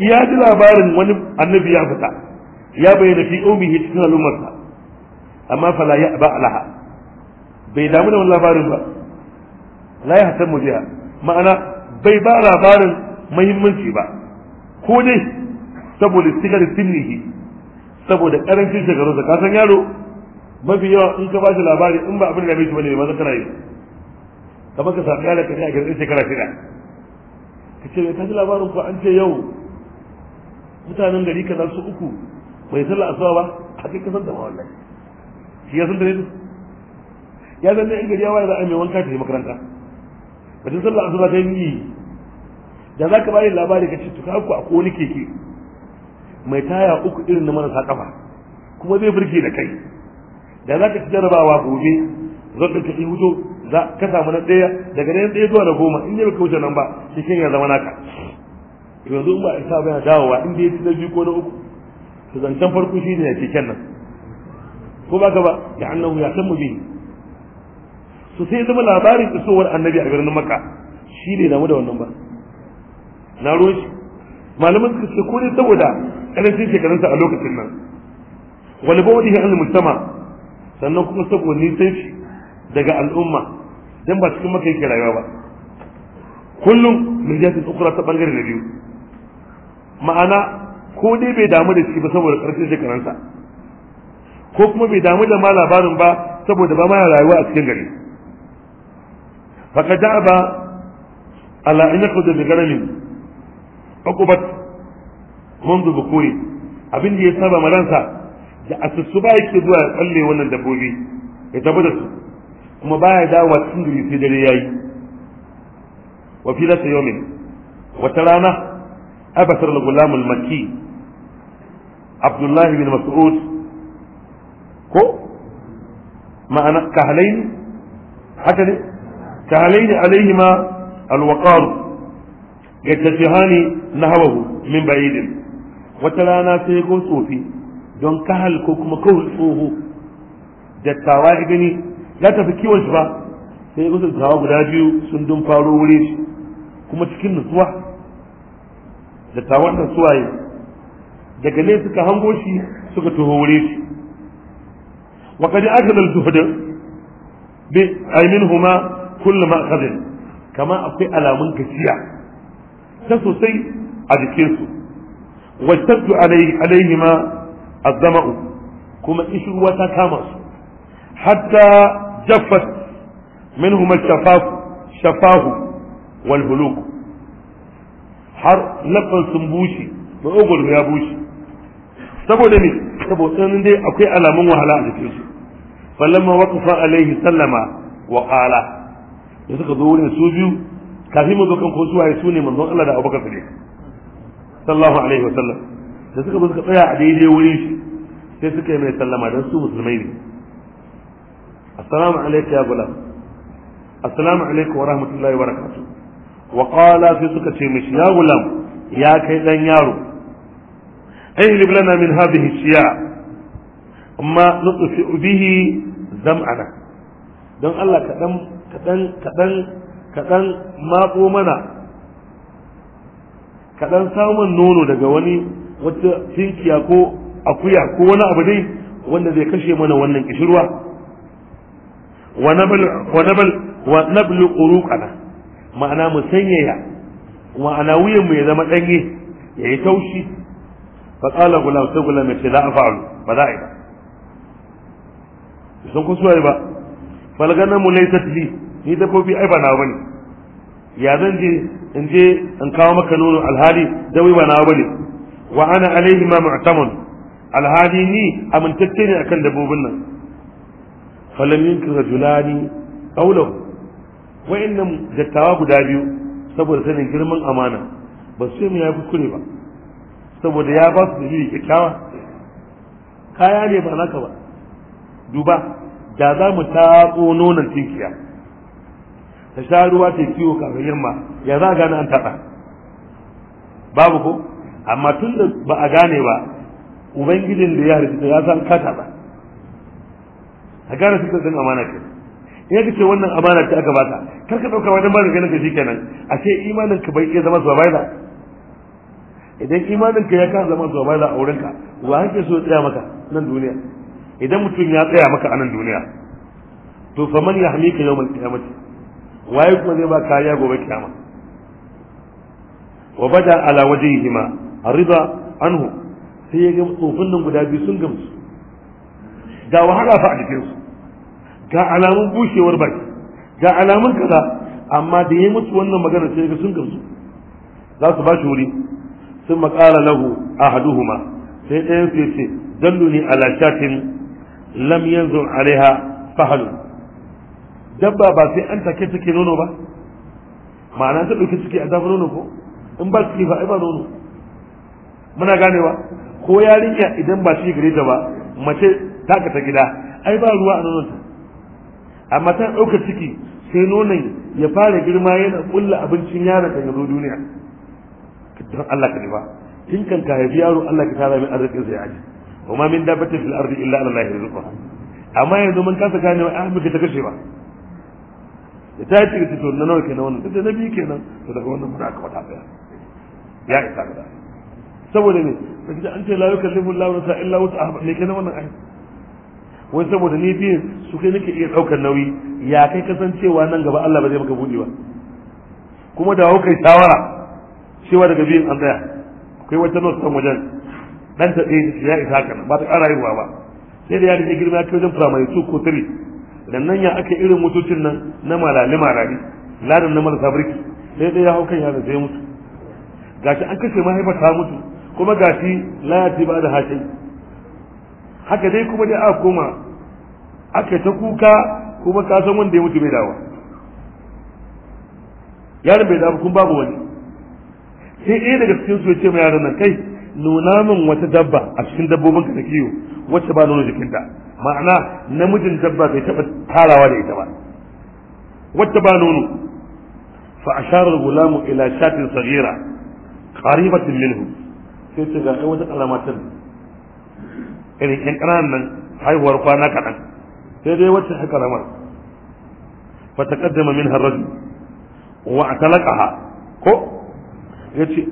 ya ji labarin wani annabi ya fita ya bayyana fi ummihi cikin al'ummarsa amma fala ya ba alaha bai damu da wani labarin ba la ya hatar mujiya ma'ana bai ba labarin muhimmanci ba ko dai saboda sigar sinnihi saboda karancin shekarunsa da kasan yaro mafi yawa in ka ba shi labari in ba abin da bai shi bane ba zaka rayu kamar ka sami yaron ka ji a gargaɗin shekara shida ka ce ta ji labarin ko an ce yau mutanen gari kaza su uku bai sallah asuba ba a kai kasar da wallahi shi ya san da ne ya zanne in gari ya waye da ai mai wanka ta yi makaranta batun sallah asuba ta yi da za ka bari labari ka ce ka ku a koli keke mai taya uku irin na marasa kafa kuma zai burge da kai da za ka ci jarabawa gobe zan ɗauka ki wuto za ka samu na ɗaya daga nan ɗaya zuwa na goma in ne ka wuce nan ba shi ya zama naka to yanzu ba isa ba yana dawowa in da ya ci na biyu ko na uku to zancen farko shi ne ya ce kenan ko ba ka ba ya annahu ya san mu bi? to sai zama labarin isowar annabi a birnin makka shi ne damu da wannan ba na ruwan shi su suka ce ko ne saboda karancin shekarunsa a lokacin nan wani ba wani hannun musamman sannan kuma saboda nisan shi daga al'umma dan ba cikin maka yake rayuwa ba kullum mirjatin ukura ta bangare na biyu ma'ana ko dai bai damu da shi ba saboda ƙarfin shekarunsa ko kuma bai damu da ma labarin ba saboda ba ma rayuwa a cikin gari faka ja ba ala an yakun da garami akubat mundu bukuri abin da ya saba maransa da asusu ba yake zuwa ya tsalle wannan dabbobi ya tabbata su kuma baya dawo cikin gari sai dare yayi wa filata yomin wata rana أبشر الغلام المكي عبد الله بن مسعود كو معنى كهلين حتى كهلين عليهما الوقار يتشهان نهوه من بعيد وتلانا سيكون صوفي don kahal ko kuma kawai tsoho dattawa ya gani ya tafi kiwon shi ba sai ya gusa guda biyu sun dun faro wuri kuma cikin nutsuwa dattawan nan suwaye daga ne suka hango shi suka tuho wuri shi wa kadi akala al-zuhd bi aymin minhuma kull ma akhadha kama akwai alamun gajiya ta sosai a su jikinsu wajtattu alaihima azzama'u kuma ishirwa ta kama su hatta jaffat minhuma shafaf shafahu wal huluku. har lafan sun bushe maƙogwaro ya bushe saboda ne saboda nan dai akwai alamun wahala a jikin su falamma waqafa alaihi sallama wa qala ya suka zo wurin su biyu kafin mu zo kan ko suwaye su ne manzon Allah da Abubakar Siddiq sallallahu alaihi wa sallam da suka zo suka tsaya a daidai wurin shi sai suka yi mai sallama don su musulmai ne assalamu alaikum ya gulam assalamu alaikum wa rahmatullahi wa barakatuh wa qala sai suka ce mishi ya gulam ya kai dan yaro ajlib na min hadhihi shiya amma nutfi bihi zam'ana don Allah kadan kadan kadan mana kadan samun nono daga wani wata tinkiya ko akuya ko wani abu dai wanda zai kashe mana wannan kishirwa wa nabal wa nabal wa ma'ana mu sanyaya ma'ana wuyan mu ya zama danye yayi taushi fa qala gulam sai gulam ya ce la afa'alu ba za a yi ba sun kusuwa ba falgana mu laysat ni kofi ai ba na bane ya zan je in je in kawo maka nono alhali wai ba na bane wa ana alaihi ma mu'tamun alhali ni amintacce ne akan dabbobin nan falamin yunkir julani qawluhu waɗannan dattawa guda biyu saboda sanin girman amana ba su yi ya kure ba saboda ya ba su da dalili kyakkyawa kaya ne ba naka ba duba da za mu taɓo nonon tinkiya ta sha ruwa ta kiwo kafin yamma ya za a gane an taɓa babu ko amma tun da ba a gane ba ubangijin da ya harfi ya san ka taɓa a gane su ka san amana kenan ya ce wannan amana ce aka baka kar ka dauka wannan ba ganin ka shikenan a ce imanin ka bai iya zama survivor idan imanin ka ya kan zama survivor a wurinka wa hake so ya tsaya maka nan duniya idan mutum ya tsaya maka a nan duniya to fa man yahmika yawmal qiyamati waye kuma zai ba kariya gobe kiyama wa bada ala wajhihima arida anhu sai ya ga tsofin nan guda biyu sun gamsu ga wahala fa a jikinsu ga alamun bushewar baki ga alamun kaza amma da ya mutu wannan magana sai ga sun gamsu za su ba shi wuri sun makala lahu ahaduhuma sai ɗayan su ce dalluni ala shatin lam yanzu alaiha fahalu dabba ba sai an take take nono ba ma'ana ta ɗauki ciki a zafi nono ko in ba ciki ba ai ba nono muna ganewa ko yarinya idan ba shi gare ta ba mace ka ta gida ai ba ruwa a nononta amma ta ɗaukar ciki sai nonon ya fara girma yana ƙulla abincin yaron kan zo duniya don Allah ka ba kin kan ka haifi yaro Allah ka tara min arzikin sa ya aji wa ma min dabbatin fil ardi illa Allah ya rizqa amma yanzu mun kasa gane wa ahmi ka kashe ba da ta yi ta tona nawa kenan wannan da nabi kenan to daga wannan mun aka wata daya ya isa ga saboda ne sai an ce la yukallimu Allahu nafsan illa wus'aha ne kenan wannan ayi wai saboda ni biyun su kai nake iya ɗaukar nauyi ya kai kasancewa nan gaba Allah ba zai maka buɗe ba kuma da kai shawara cewa daga biyun an tsaya akwai wata nota kan wajen dan ta tsaye ya isa haka ba ta ƙara haihuwa ba sai da ya ya girma ya kai wajen firamare su ko tiri dan nan ya aka irin motocin nan na malali malali ladan na marasa birki sai dai ya hau kan yaron sai mutu gashi an kashe mahaifa mutu kuma gashi la ya ba da hashe. haka dai kuma dai aka koma aka ta kuka kuma ka san wanda ya mutu bai dawo yaron bai dawo kun babu wani sai ɗaya daga cikin su ya ce ma yaron nan kai nuna min wata dabba a cikin dabbobin ka kiyo wacce ba nuna jikinta ma'ana namijin dabba bai taɓa tarawa da ita ba wacce ba nono fa ashara gulamu ila shatin sagira qaribatin minhu sai ce ga kai wata kalamatin irin yan ƙananan nan haihuwar kwana kaɗan sai dai wacce haka ramar fa taqaddama minha ar-rajul wa atalaqaha ko yace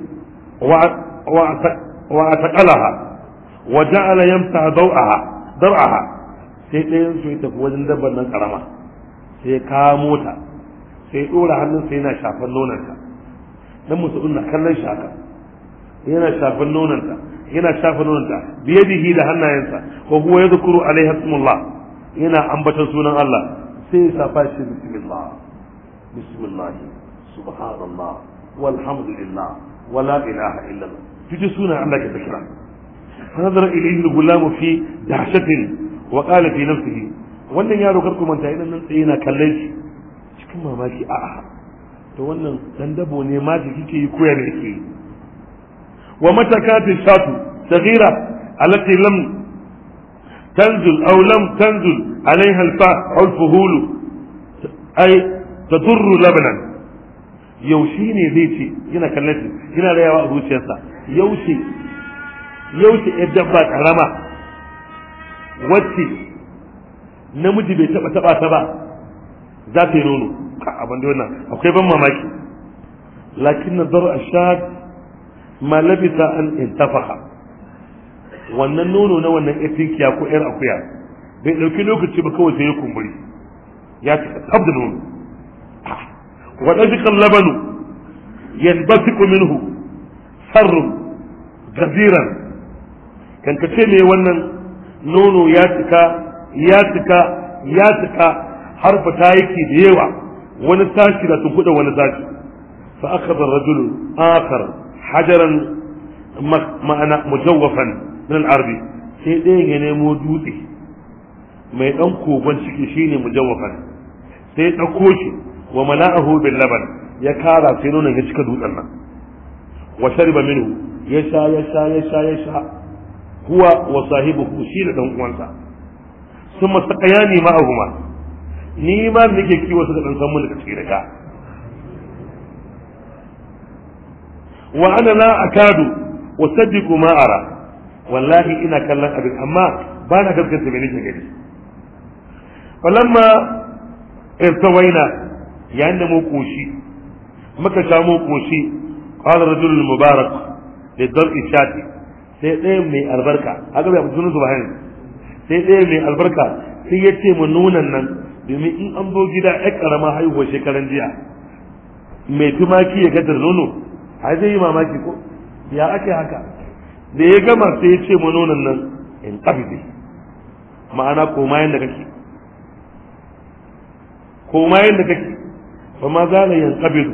wa wa wa ataqalaha wa ja'ala yamsa daw'aha dar'aha sai ɗayan su ya tafi wajen dabban nan ƙarama sai kamo ta sai ɗora hannun sai yana shafan nonanta dan musu na kallon shaka yana shafan nonanta yana shafa nononta biyadihi da hannayensa wa huwa yadhkuru alaiha ismullah yana ambaton sunan Allah sai ya safa shi bismillah bismillah subhanallah walhamdulillah wala ilaha illallah tuji sunan Allah ka zikira فنظر إليه الغلام في دهشة وقال fi نفسه wannan yaro karku manta idan nan tsaye na kallon shi cikin mamaki a'a to wannan dan ne ma da kike yi koyar da kike yi ومتكات الشاة صغيرة التي لم تنزل أو لم تنزل عليها الفاء أو الفهول أي تضر لبنا yaushe ne zai ce Ina kallon Ina rayawa a zuciyarsa yaushe yaushe dabba karama wacce namiji bai taba taba ta ba za ta yi nono a abin da akwai ban mamaki lakin nazar ashad ma labisa an intafaha wannan nono na wannan yar tinkiya ko yar akuya bai dauki lokaci ba kawai sai ya kumburi ya cika tsab da nono wa dajikan labanu yanbatiku minhu sarru gadiran kan ka ce me wannan nono ya cika ya cika ya cika har fita yake da yawa wani tashi da tun kuɗa wani zaki fa akhadha ar-rajulu akhar hajaran ma'ana mujawwafan min al-ardi sai ɗayan ya nemo dutse mai ɗan kogon ciki shine mujawwafan sai ya ɗauko shi wa mala'ahu bil laban ya kara sai nonon ya cika dutsen nan wa shariba minhu ya sha ya sha ya sha ya sha huwa wa sahibuhu shi da ɗan uwansa summa saqayani ma'ahuma ni ma nake kiwo su da dan san mun daga cikin daga wa ana la akadu usaddiqu ma ara wallahi ina kallan abin amma ba na gaskata me nake gani falamma irtawaina yayin da mu koshi muka sha mu koshi qala rajulul mubarak li dar'i shati sai ɗaya mai albarka haka bai sunan su bayan sai ɗaya mai albarka sai yace ce mu nunan nan domin in an zo gida ya karama haihuwar shekaran jiya mai tumaki ya gadar nono ai zai yi mamaki ko ya ake haka da ya gama sai ya ce manonan nan in ƙafi ma'ana koma yadda kake koma yadda kake fa ma zala yan ƙabilu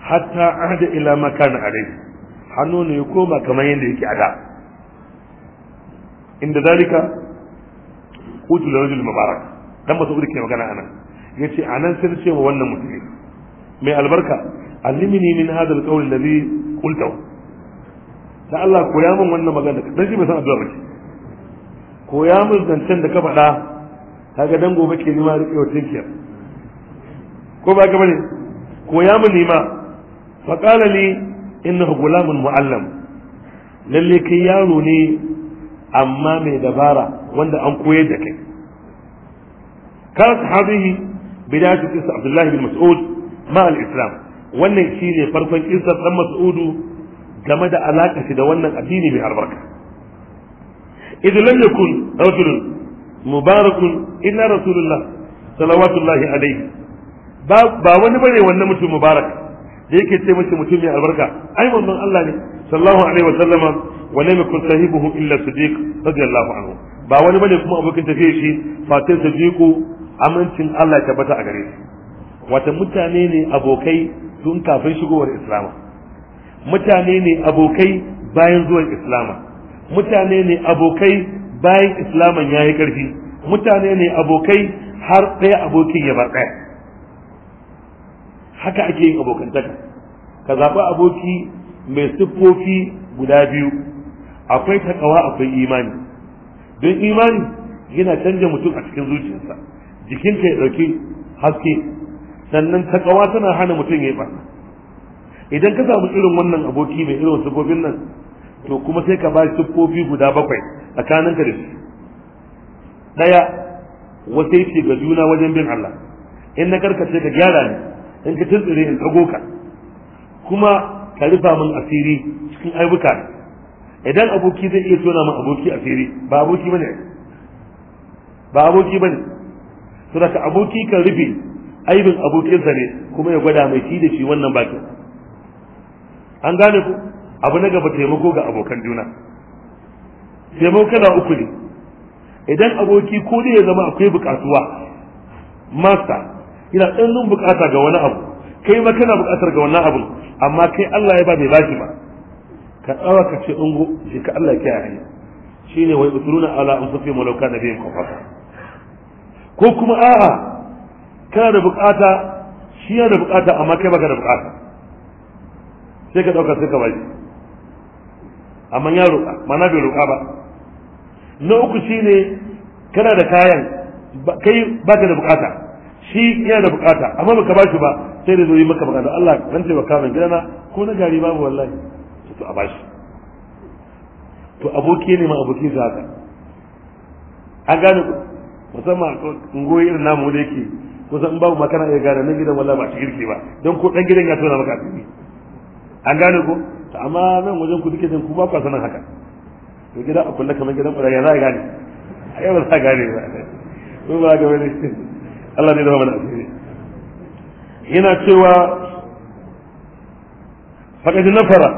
hatta ada ila makana alai hannu ne ya koma kamar yadda yake a da inda zalika hutu da rajul mubarak dan ba masu ke magana anan yace anan sai ce wa wannan mutumin mai albarka allimini min hadha alqawl alladhi qultahu da Allah koya min wannan magana dan shi bai san addu'a koya min zancen da ka faɗa kaga dan gobe ke nima rike wa tinkiyar ko ba ka bane koya min nima fa qala li innahu gulamun muallam lalle kai yaro ne amma mai dabara wanda an koyar da kai kan sahabihi bidayatu isa abdullahi bin mas'ud ma al-islam wannan shine farkon kisar dan mas'udu game da alaƙa shi da wannan addini mai albarka idan lam yakun rajulun mubarakun illa rasulullah salawatullahi alaihi ba wani bane wannan mutum mubarak da yake ce mace mutum mai albarka ai manzon Allah ne sallallahu alaihi wa sallama wa lam yakun sahibuhu illa sadiq radiyallahu anhu ba wani bane kuma abokin tafiye shi fatin sadiqu amincin Allah ya tabbata a gare shi wata mutane ne abokai tun kafin shigowar islama mutane ne abokai bayan zuwan islama mutane ne abokai bayan islaman ya yi ƙarfi mutane ne abokai har ɗaya abokin ya bar ɗaya haka ake yin abokantaka ka zaɓi aboki mai siffofi guda biyu akwai takawa akwai imani don imani yana canja mutum a cikin zuciyarsa jikinka ya ɗauki haske sannan takawa tana hana mutum ya yi barna idan ka samu irin wannan aboki mai irin sufofin nan to kuma sai ka ba sufofi guda bakwai ka da shi daya wasai ce ga juna wajen bin Allah in na karkace ka gyara ni in ka tuntsire in dago ka kuma ka rufa min asiri cikin aibuka idan aboki zai iya tona min aboki asiri ba aboki bane ba aboki bane to aboki kan rufe aibin abokinsa ne kuma ya gwada mai shi da shi wannan bakin an gane ku abu na gaba taimako ga abokan juna taimako kana uku ne idan aboki ko ne ya zama akwai bukatuwa masta yana tsananin bukata ga wani abu kai ma kana bukatar ga wannan abun amma kai Allah ya ba bai baki ba ka tsawa ka ce ungo shi ka Allah ya hanya shine wai usuluna ala sufi malauka kana bihim kafara ko kuma a'a kana da bukata shi yana da bukata amma kai baka da bukata sai ka dauka sai ka bai amma ya roƙa mana bai roƙa ba na uku shine kana da kayan kai baka da bukata shi yana da bukata amma baka ba shi ba sai da zo yi maka magana Allah kan ce baka min gidana ko na gari babu wallahi to a bashi to aboki ne ma aboki zaka an gane musamman ungoyi irin namu da yake kusan in babu makana ya gane nan gidan wallahi ba ta girki ba don ko dan gidan ya tona maka asiri an gane ko to amma nan wajen ku duke jin ku ba ku sanin haka to gidan a kullaka kamar gidan ya za a gane ai ba za a gane ba ko ba ga wani shi Allah ne da ba mana asiri yana cewa faqad nafara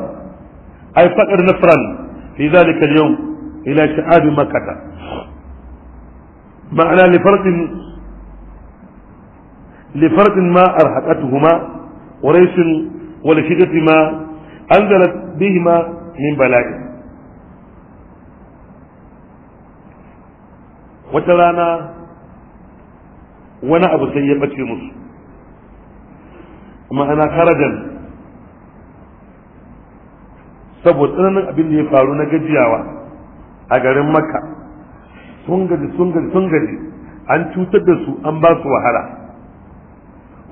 ay faqad nafran fi zalika al-yawm ila sha'ab makkah ma'ana li fardin لفرد ما أرهقتهما وليس ولشدة ما أنزلت بهما من بلاء وترانا وانا أبو سيبة في مصر ما أنا خرجا saboda tsananin abin da ya faru na gajiyawa a garin makka sun gaji sun gaji sun gaji an cutar da su an ba wahala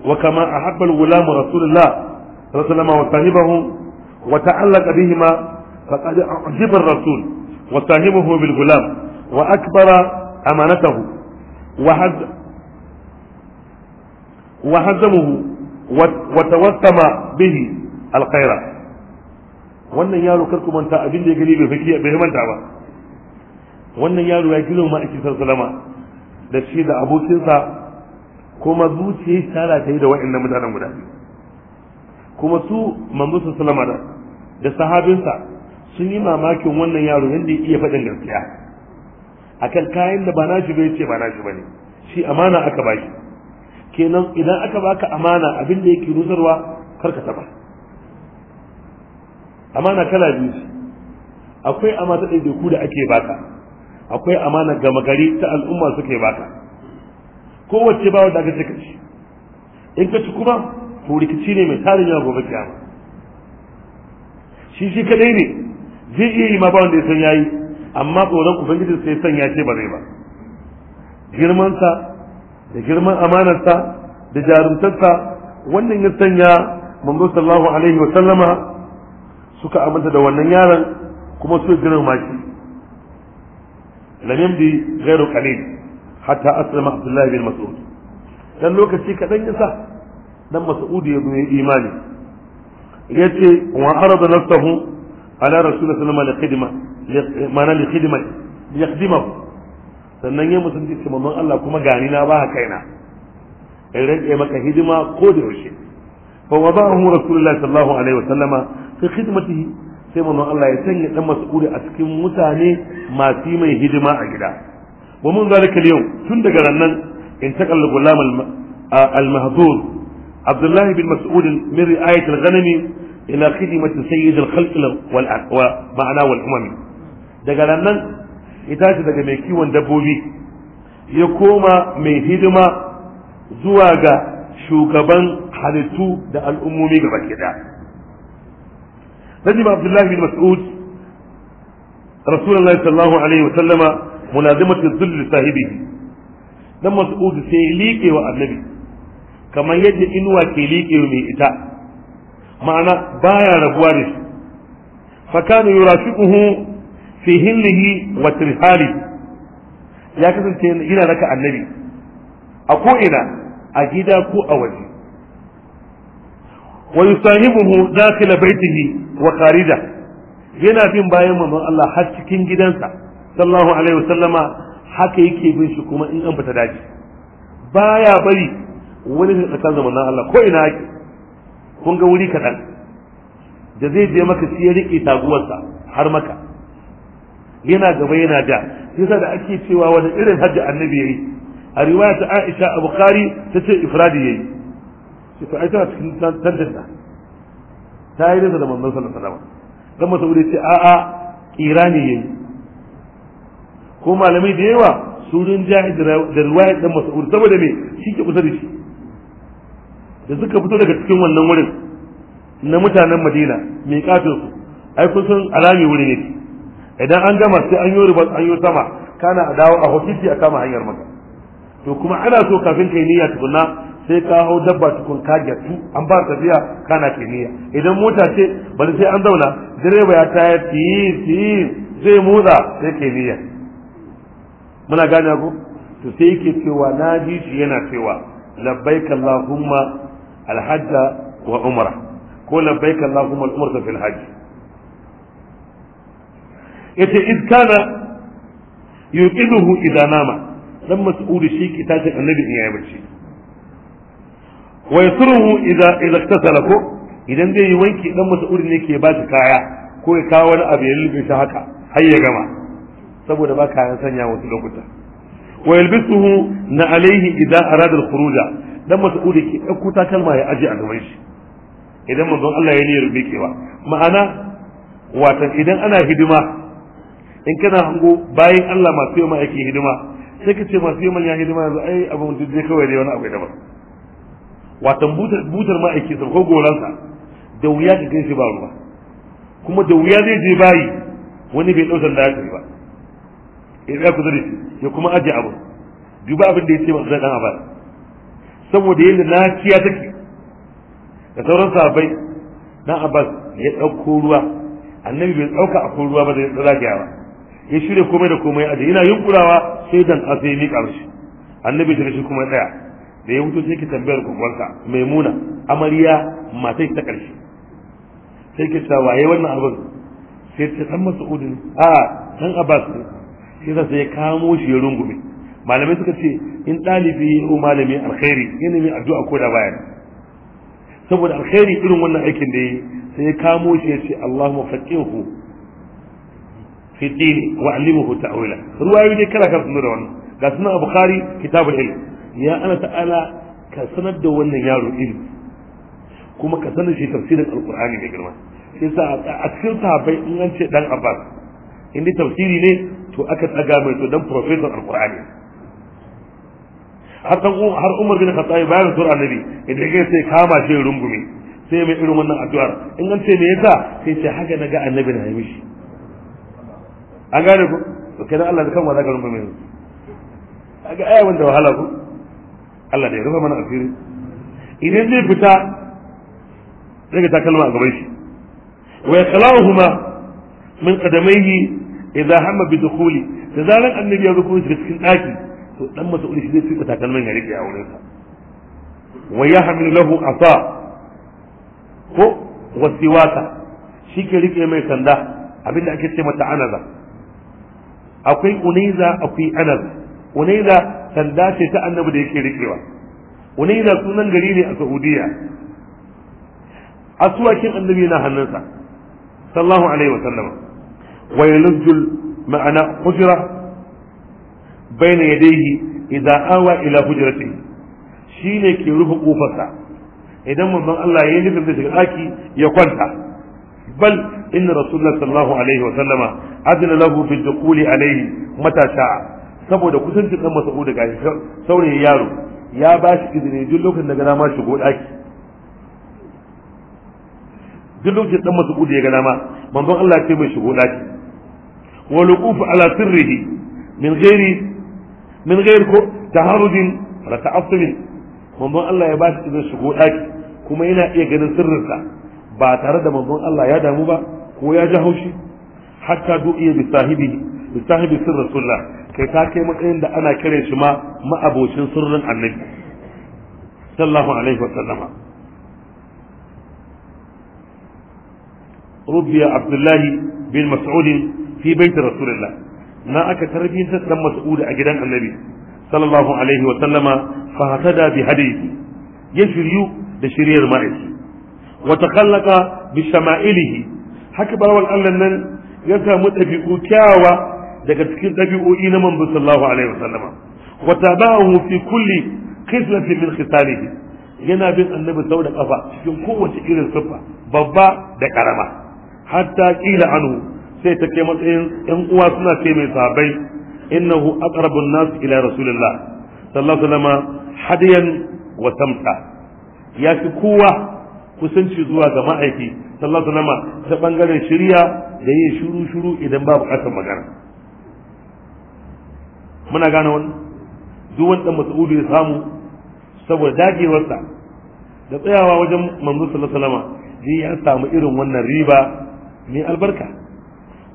وكما أحب الغلام رسول الله صلى الله عليه وسلم وصاحبه وتعلق بهما فقد أعجب الرسول وصاحبه بالغلام وأكبر أمانته وهد وهزمه وتوسم به الخير وأن يارو كركم أنت أبين دي قليل بفكية بهم أنت عبا وأن يارو يجلو ما إكي وسلم لشيد أبو سلسل kuma ta da ta yi da wa'annan mutanen guda kuma su manzo sallama da da sahabinsa sun yi mamakin wannan yaro yadda ya iya faɗin gaskiya akan kayan da ba shi bai ce ba shi bane shi amana aka ba shi. kenan idan aka baka amana abin da yake rusarwa kar ka taba amana kala biyu akwai amana ta ɗaiɗaiku da ake baka akwai amana gama gari ta al'umma suke baka kowace bawa da aka kace in ka ci kuma to rikici ne mai tarin yawa gobe kiyama shi shi kadai ne zai iya yi ma ba da ya san yayi amma tsoron ubangiji sai san ya ce ba zai ba girmansa da girman amanarsa da jarumtarsa wannan ya sanya manzo sallallahu alaihi wa sallama suka aminta da wannan yaron kuma su girma shi lam bi ghairu qalil hatta aslama abdullahi bin mas'ud dan lokaci kaɗan ya sa dan mas'ud ya zo imani ya ce wa arada nafsahu ala rasul sallama li khidma mana li khidma yakhdimahu sannan ya mutunci ce mamman Allah kuma gani na ba kaina in rage maka hidima ko da yaushe fa wadahu rasulullahi sallallahu alaihi wasallama fi khidmatihi sai mamman Allah ya sanya dan mas'ud a cikin mutane masu mai hidima a gida wa mun zalika al-yawm tun daga rannan intaqal gulam al-mahzuz Abdullah bin Mas'ud min ri'ayat al-ghanami ila khidmat sayyid al-khalq wal aqwa ma'ana wal umam daga rannan daga mai kiwon dabbobi ya koma mai hidima zuwa ga shugaban halittu da al'ummomi gaba ke da. Najib Abdullahi bin Mas'ud mulazimatu zulli sahibihi dan mas'ud sai liƙe wa annabi kamar yadda inuwa ke liƙe mai ita ma'ana baya rabuwa da shi fa kana yurafiquhu fi hillihi wa tirhali ya kasance yana raka annabi a ko ina a gida ko a waje wa yusahibuhu dakhila baitihi wa kharija yana bin bayan manzon Allah har cikin gidansa sallallahu alaihi wasallama haka yake bin shi kuma in an fita daji baya bari wani ne tsakan zamanin Allah ko ina yake kun ga wuri kaɗan da zai je maka sai ya riƙe taguwarsa har maka yana gaba yana ja yasa da ake cewa wani irin hajji annabi yayi a riwaya ta Aisha a Bukhari ta ce ifradi yayi shi ta aita tana cikin tantanta. ta yi da manzon sallallahu alaihi wasallam dan Mas'ud ce a'a kirani yayi ko malamai da yawa su rin jahi da ruwaya dan mas'ud saboda me shi ke kusa da shi da suka fito daga cikin wannan wurin na mutanen madina mai kafin su ai kun san alami wuri ne idan an gama sai an yi ribas an yi sama kana a dawo a hokiti a kama hanyar maka to kuma ana so kafin kai niyya tukuna sai ka hau dabba tukun kage tu an ba tafiya kana kai niyya idan mota ce bari sai an zauna direba ya tayar tiyi tiyi zai motsa sai kai niyya muna gane ku to sai yake cewa na ji shi yana cewa labbaik allahumma alhajja wa umra ko labbaik allahumma al-umrata fil hajj yace id kana yuqiduhu idza nama dan mas'ud shi ki tashi annabi in yayi bacci wa yasruhu idza idza iktasala ko idan zai yi wanki dan mas'ud ne ke ba shi kaya ko ya kawo wani abu ya lulluɓe shi haka har ya gama saboda ba kayan sanya wasu lokuta wa yalbisuhu na alaihi idan arada al-khuruja dan mas'udi ke dauko takalma ya aje a gaban shi idan manzon Allah ya niyyar bikewa ma'ana watan idan ana hidima in kana hango bayan Allah masu yamma yake hidima sai ka ce masu yamma ya hidima yanzu ai abun duk kawai dai wani abu daban watan butar butar ma'aiki sa ko goransa da wuya ka gan shi ba ruwa kuma da wuya zai je bayi wani bai dauka da ba ya ku zuri ya kuma aje abu duba abin da ya ce masu dan abar saboda yadda kiya take da sauran sahabbai dan abbas ya ɗauko ruwa annabi bai ɗauka a ruwa ba da ya zagayawa ya shirya komai da komai aje yana yunkurawa sai dan asa ya miƙa mishi annabi da shi kuma tsaya da ya wuce sai ki tambayar mai muna amarya matai ta ƙarshe sai ki sa waye wannan abin sai ta san udin a can abbas ne yasa sai ya kamo shi ya rungume malamai suka ce in ɗalibi ya malami alkhairi ya nemi addu'a ko da bayan saboda alkhairi irin wannan aikin da yi sai ya kamo shi ya ce Allahumma faqihu fi dini wa allimhu ta'wila ruwayoyi ne kala kala sun da wannan ga sunan bukhari kitabul ilm ya ana ta'ala ka sanar da wannan yaro ilmi kuma ka sanar shi tafsirin alqur'ani da girma sai sa a cikin sahabbai in an ce dan abbas in tafsiri ne to aka tsaga mai to dan profesor alqur'ani har dan har Umar bin khattabi bayan sura annabi idan kai sai kama shi rungume sai mai irin wannan addu'ar in an ce me yasa sai ce haka naga annabi na yi shi an gane ku to kai Allah da kanwa zaka rungume ne aga aya wanda wahala ku Allah da ya rufa mana asiri idan zai fita daga takalma a gaban shi wa yakhlahuma min qadamayhi idza hamma bi dukhuli da zaran annabi ya zo ko shiga cikin daki to dan mas'ul shi zai tsika takalman ya rike a wurin sa wa yahmilu lahu asa ko Wasiwata shi ke rike mai sanda abinda ake ce mata anaza akwai uniza akwai anaz uniza sanda ce ta annabi da yake rikewa uniza sunan gari ne a saudiya asuwakin annabi na hannunsa sallallahu alaihi wa sallama ويلج المعنى ma'ana بين baina إذا آوى awa ila hujrati shine ke rufe kofarsa idan الله Allah ya yi nufin بل إن daki ya kwanta bal inna وسلم sallallahu له wa sallama عليه lahu شاء dukhuli alaihi mata sha'a saboda kusancin dan Mas'ud saurayin yaro ya ba shi izini duk lokacin da ga ma shigo daki duk lokacin dan Mas'ud ya gana ma manzon Allah ce mai shigo daki والوقوف على سره من غير من غير تهرج ولا تعصب manzon Allah ya ba shi izinin shigo ɗaki kuma yana iya ganin sirrinsa ba tare da manzon Allah ya damu ba ko ya ji haushi hatta du iya bi sahibi bi sahibi kai ta kai matsayin da ana kiran shi ma ma'abocin sirrin annabi sallallahu alaihi wa sallama ربي عبد الله بن مسعود fi baiti rasulillah na aka tarbiyyantar dan mas'ud a gidan annabi sallallahu alaihi wa sallama ya shiryu da shiryar ma'aiki wa takhallaqa haka bawan Allah nan ya samu dabi'u kyawa daga cikin dabi'o'i na manzo sallallahu alaihi kulli khislati min yana bin annabi sau da kafa cikin kowace irin siffa babba da karama hatta anhu sai ta kai matsayin yan uwa suna ce mai sahabbai innahu aqrabun nas ila rasulillah sallallahu alaihi wasallam hadiyan wa tamta ya fi kowa kusanci zuwa ga ma'aiki sallallahu alaihi wasallam ta bangaren shirya da yin shuru shuru idan ba bukatar magana muna gane wannan duk wanda mas'udu ya samu saboda dagewarsa da tsayawa wajen manzo sallallahu alaihi wasallam ya samu irin wannan riba mai albarka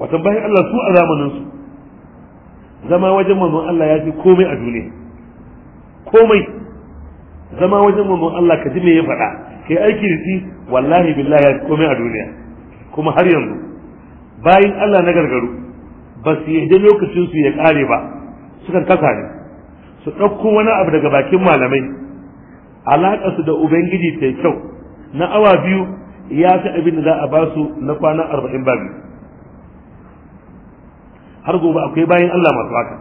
wata bayan Allah su a zamaninsu zama wajen mamman Allah ya fi komai a duniya komai zama wajen mamman Allah ka me ya faɗa kai aiki da shi wallahi billahi ya fi komai a duniya kuma har yanzu bayan Allah na gargaru ba su yi lokacin su ya ƙare ba suka kasa ne su ɗauko wani abu daga bakin malamai su da ubangiji ta kyau na awa biyu ya fi abin da za a ba su na kwana arba'in ba har gobe akwai bayan Allah masu haka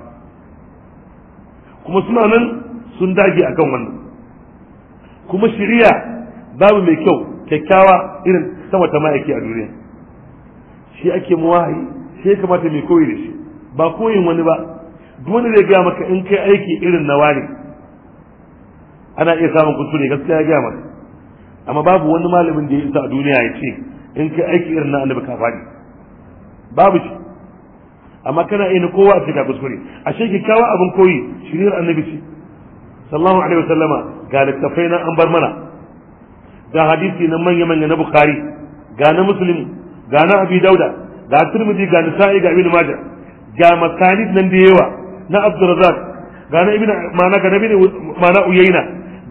kuma suna nan sun dage akan wannan kuma shiriya babu mai kyau kyakkyawa irin sama ta ma'aiki a duniya shi ake muwahi shi ya kamata mai koyi da shi ba koyin wani ba duk wanda zai gaya maka in kai aiki irin na wani ana iya samun ne gaskiya ya gaya maka amma babu wani malamin da ya isa a duniya ya ce in kai aiki irin na annabi ka ne babu shi amma kana iya kowa a cika kuskure ashe kyakkyawa abin koyi shiriyar annabi ce sallallahu alaihi wasallama ga littafai na an bar mana ga hadisi na manya manya na bukhari ga na muslim ga na abi dauda ga turmudi ga nisa'i ga ibnu majah ga masanid nan da yawa na abdurrazzaq ga na ibnu mana ga nabi mana uyaina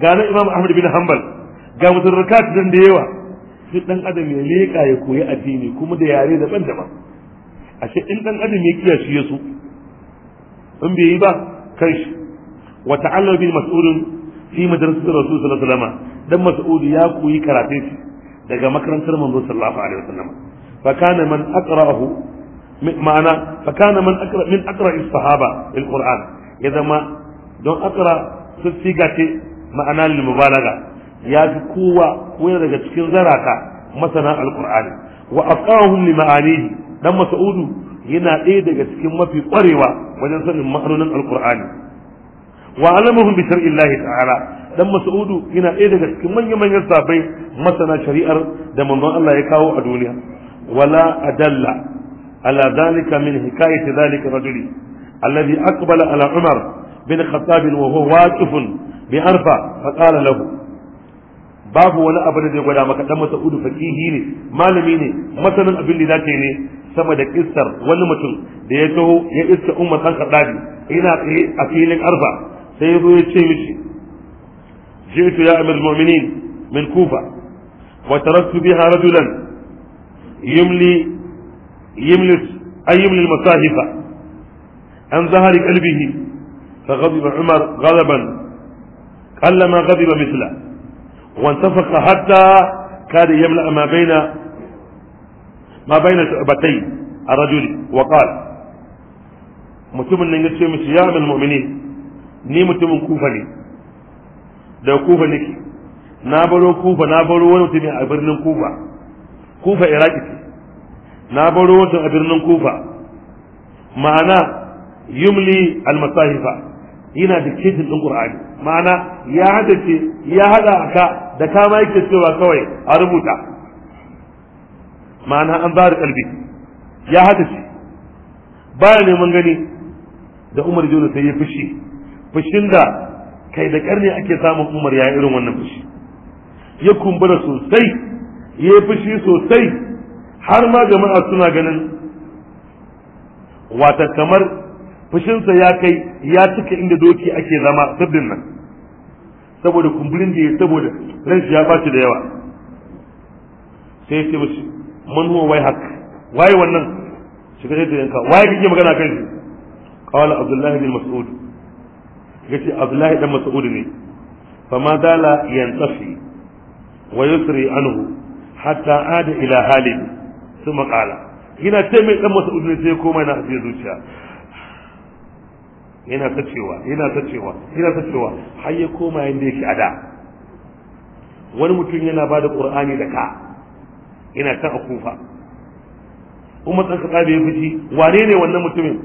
ga na imam ahmad bin hanbal ga mutarrakat nan da yawa duk dan adam ya leka ya koyi addini kuma da yare daban-daban ashe in dan adam ya kiyashi yasu in bai yi ba kai shi wa ta'allama bil mas'ulun fi madrasatir rasul sallallahu alaihi wasallam dan mas'ud ya koyi karatun shi daga makarantar manzo sallallahu alaihi wasallam fa kana man aqra'ahu ma'ana fa kana man aqra min aqra'i sahaba al qur'an ya zama don aqra su siga ce ma'ana lil mubalaga ya fi kowa ko daga cikin zarata masana alqur'ani wa aqahum li ma'anihi dan mas'udu yana ɗaya daga cikin mafi ƙwarewa wajen sanin ma'anonin alqur'ani wa alamuhum bi shar'illahi ta'ala dan mas'udu yana ɗaya daga cikin manyan manyan sabai masana shari'ar da manzon Allah ya kawo a duniya wala adalla ala dhalika min hikayati dhalika rajuli alladhi aqbala ala umar bin khattab wa huwa waqif bi arfa fa qala lahu babu wani abu da zai gwada maka dan masa'udu fakihi ne malami ne masanin abin da zaka ne sama da kissar wani mutum da ya taho ya iska umar dan kaddabi ina tsaye a filin arfa sai ya zo ya ce mishi ji'tu ya amir mu'minin min kufa wa taraktu biha rajulan yumli yumli ay yumli masahifa an zahari qalbihi فغضب عمر غضبا قلما غضب مثله وانتفخ حتى كاد يملأ ما بين ما بين شعبتي الرجل وقال mutumin nan ya ce mishi ya amil mu'mini ni mutumin kufa ne da kufa nake na baro kufa na baro wani mutum a birnin kufa kufa iraki ce na baro wata a birnin kufa ma'ana yumli almasahifa yana da kitin din qur'ani ma'ana ya hada ce ya hada ka da kama yake cewa kawai a rubuta ma'ana an da kalbi ya Ba baya neman gani da umar jona sai ya fushi fushin da kai da karni ake samun umar ya irin wannan fushi ya kumbura sosai ya fushi sosai har ma jama'a suna ganin wata kamar fushinsa ya kai ya cika inda doki ake zama sabbin nan saboda kumburin da ya saboda ransu ya ba da yawa sai ya ce man huwa wai hak waye wannan shiga da yanka waye kake magana kan shi qala abdullahi bin mas'ud yace abdullahi dan mas'ud ne ma dala yantafi wa yusri anhu hatta ada ila hali kuma qala yana ce mai dan mas'ud ne sai koma na hadiya zuciya yana ta cewa yana ta cewa yana ta cewa har ya koma yanda yake ada wani mutum yana bada qur'ani da ka Ina kan a kufa umar ɗan kaɗabi ya fici wane ne wannan mutumin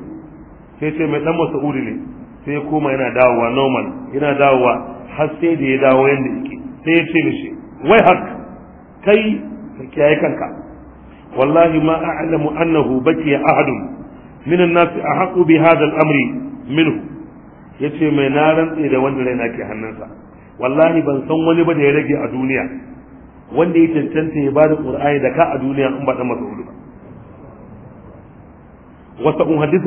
sai ce mai ɗan masa'udi ne sai ya koma yana dawowa normal yana dawowa har sai da ya dawo yadda yake sai ya ce mishi wai hak kai ka kiyaye kanka wallahi ma a'lamu annahu bakiya ahadun min an-nas ahaqu bi hadha al-amri minhu yace mai na rantse da wanda raina ke hannunsa wallahi ban san wani ba da ya rage a duniya wanda ya cancanta ya ba bada qur'ani da ka a duniya in ba masa hudu. ba wa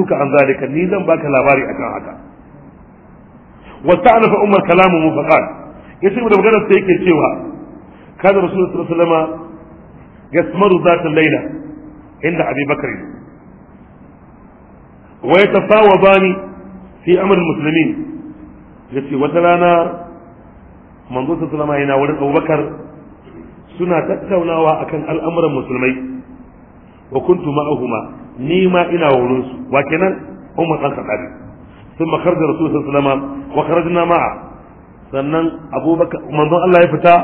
ka an zalika ni zan baka labari akan haka wa ta'rifu ummul kalamu mufaqat yace da magana sai yake cewa kana rasulullahi sallallahu alaihi wasallam yasmaru zata laila inda abi bakr wa yatafawadani fi amr muslimin yace wata rana manzo sallallahu alaihi yana wurin abubakar suna tattaunawa akan al'amuran musulmai wa kuntu ma'ahuma ni ma ina wurin su wa kenan umar dan khattab sun makar da rasul sallallahu alaihi wa kharajna ma'a sannan abubakar manzon Allah ya fita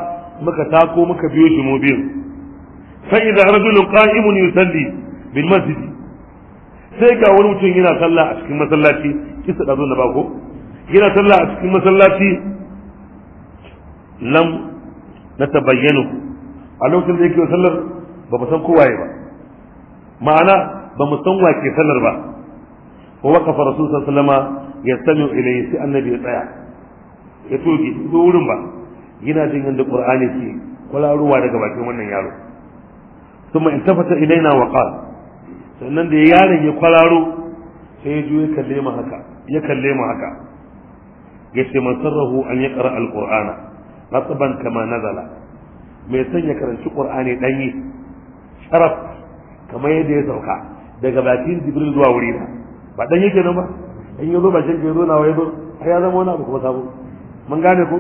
muka tako muka biyo shi mu biyu fa idza rajulun qa'imun yusalli bil masjid sai ga wani mutum yana sallah a cikin masallaci kisa da zo na bako yana sallah a cikin masallaci lam na tabayyanu a lokacin da yake wa sallar ba mu san kowaye ba ma'ana ba mu san wake sallar ba wa fa rasul sallama ya sami ilayhi sai annabi ya tsaya ya toke zo wurin ba yana jin yadda qur'ani ke kwalaruwa daga bakin wannan yaro in tafata ilaina wa وقال sannan da yaron ya kwararo sai ya ju ya kalle mu haka ya kalle mu haka yace man sarrahu an yaqra alqur'ana nasaban kama nazala mai son ya karanci qur'ani ɗanyi sharaf kamar yadda ya sauka daga bakin jibril zuwa wuri na ba ɗanyi ke nan ba in zo ba shin yazo na zo har ya zama wani abu kuma sabo mun gane ko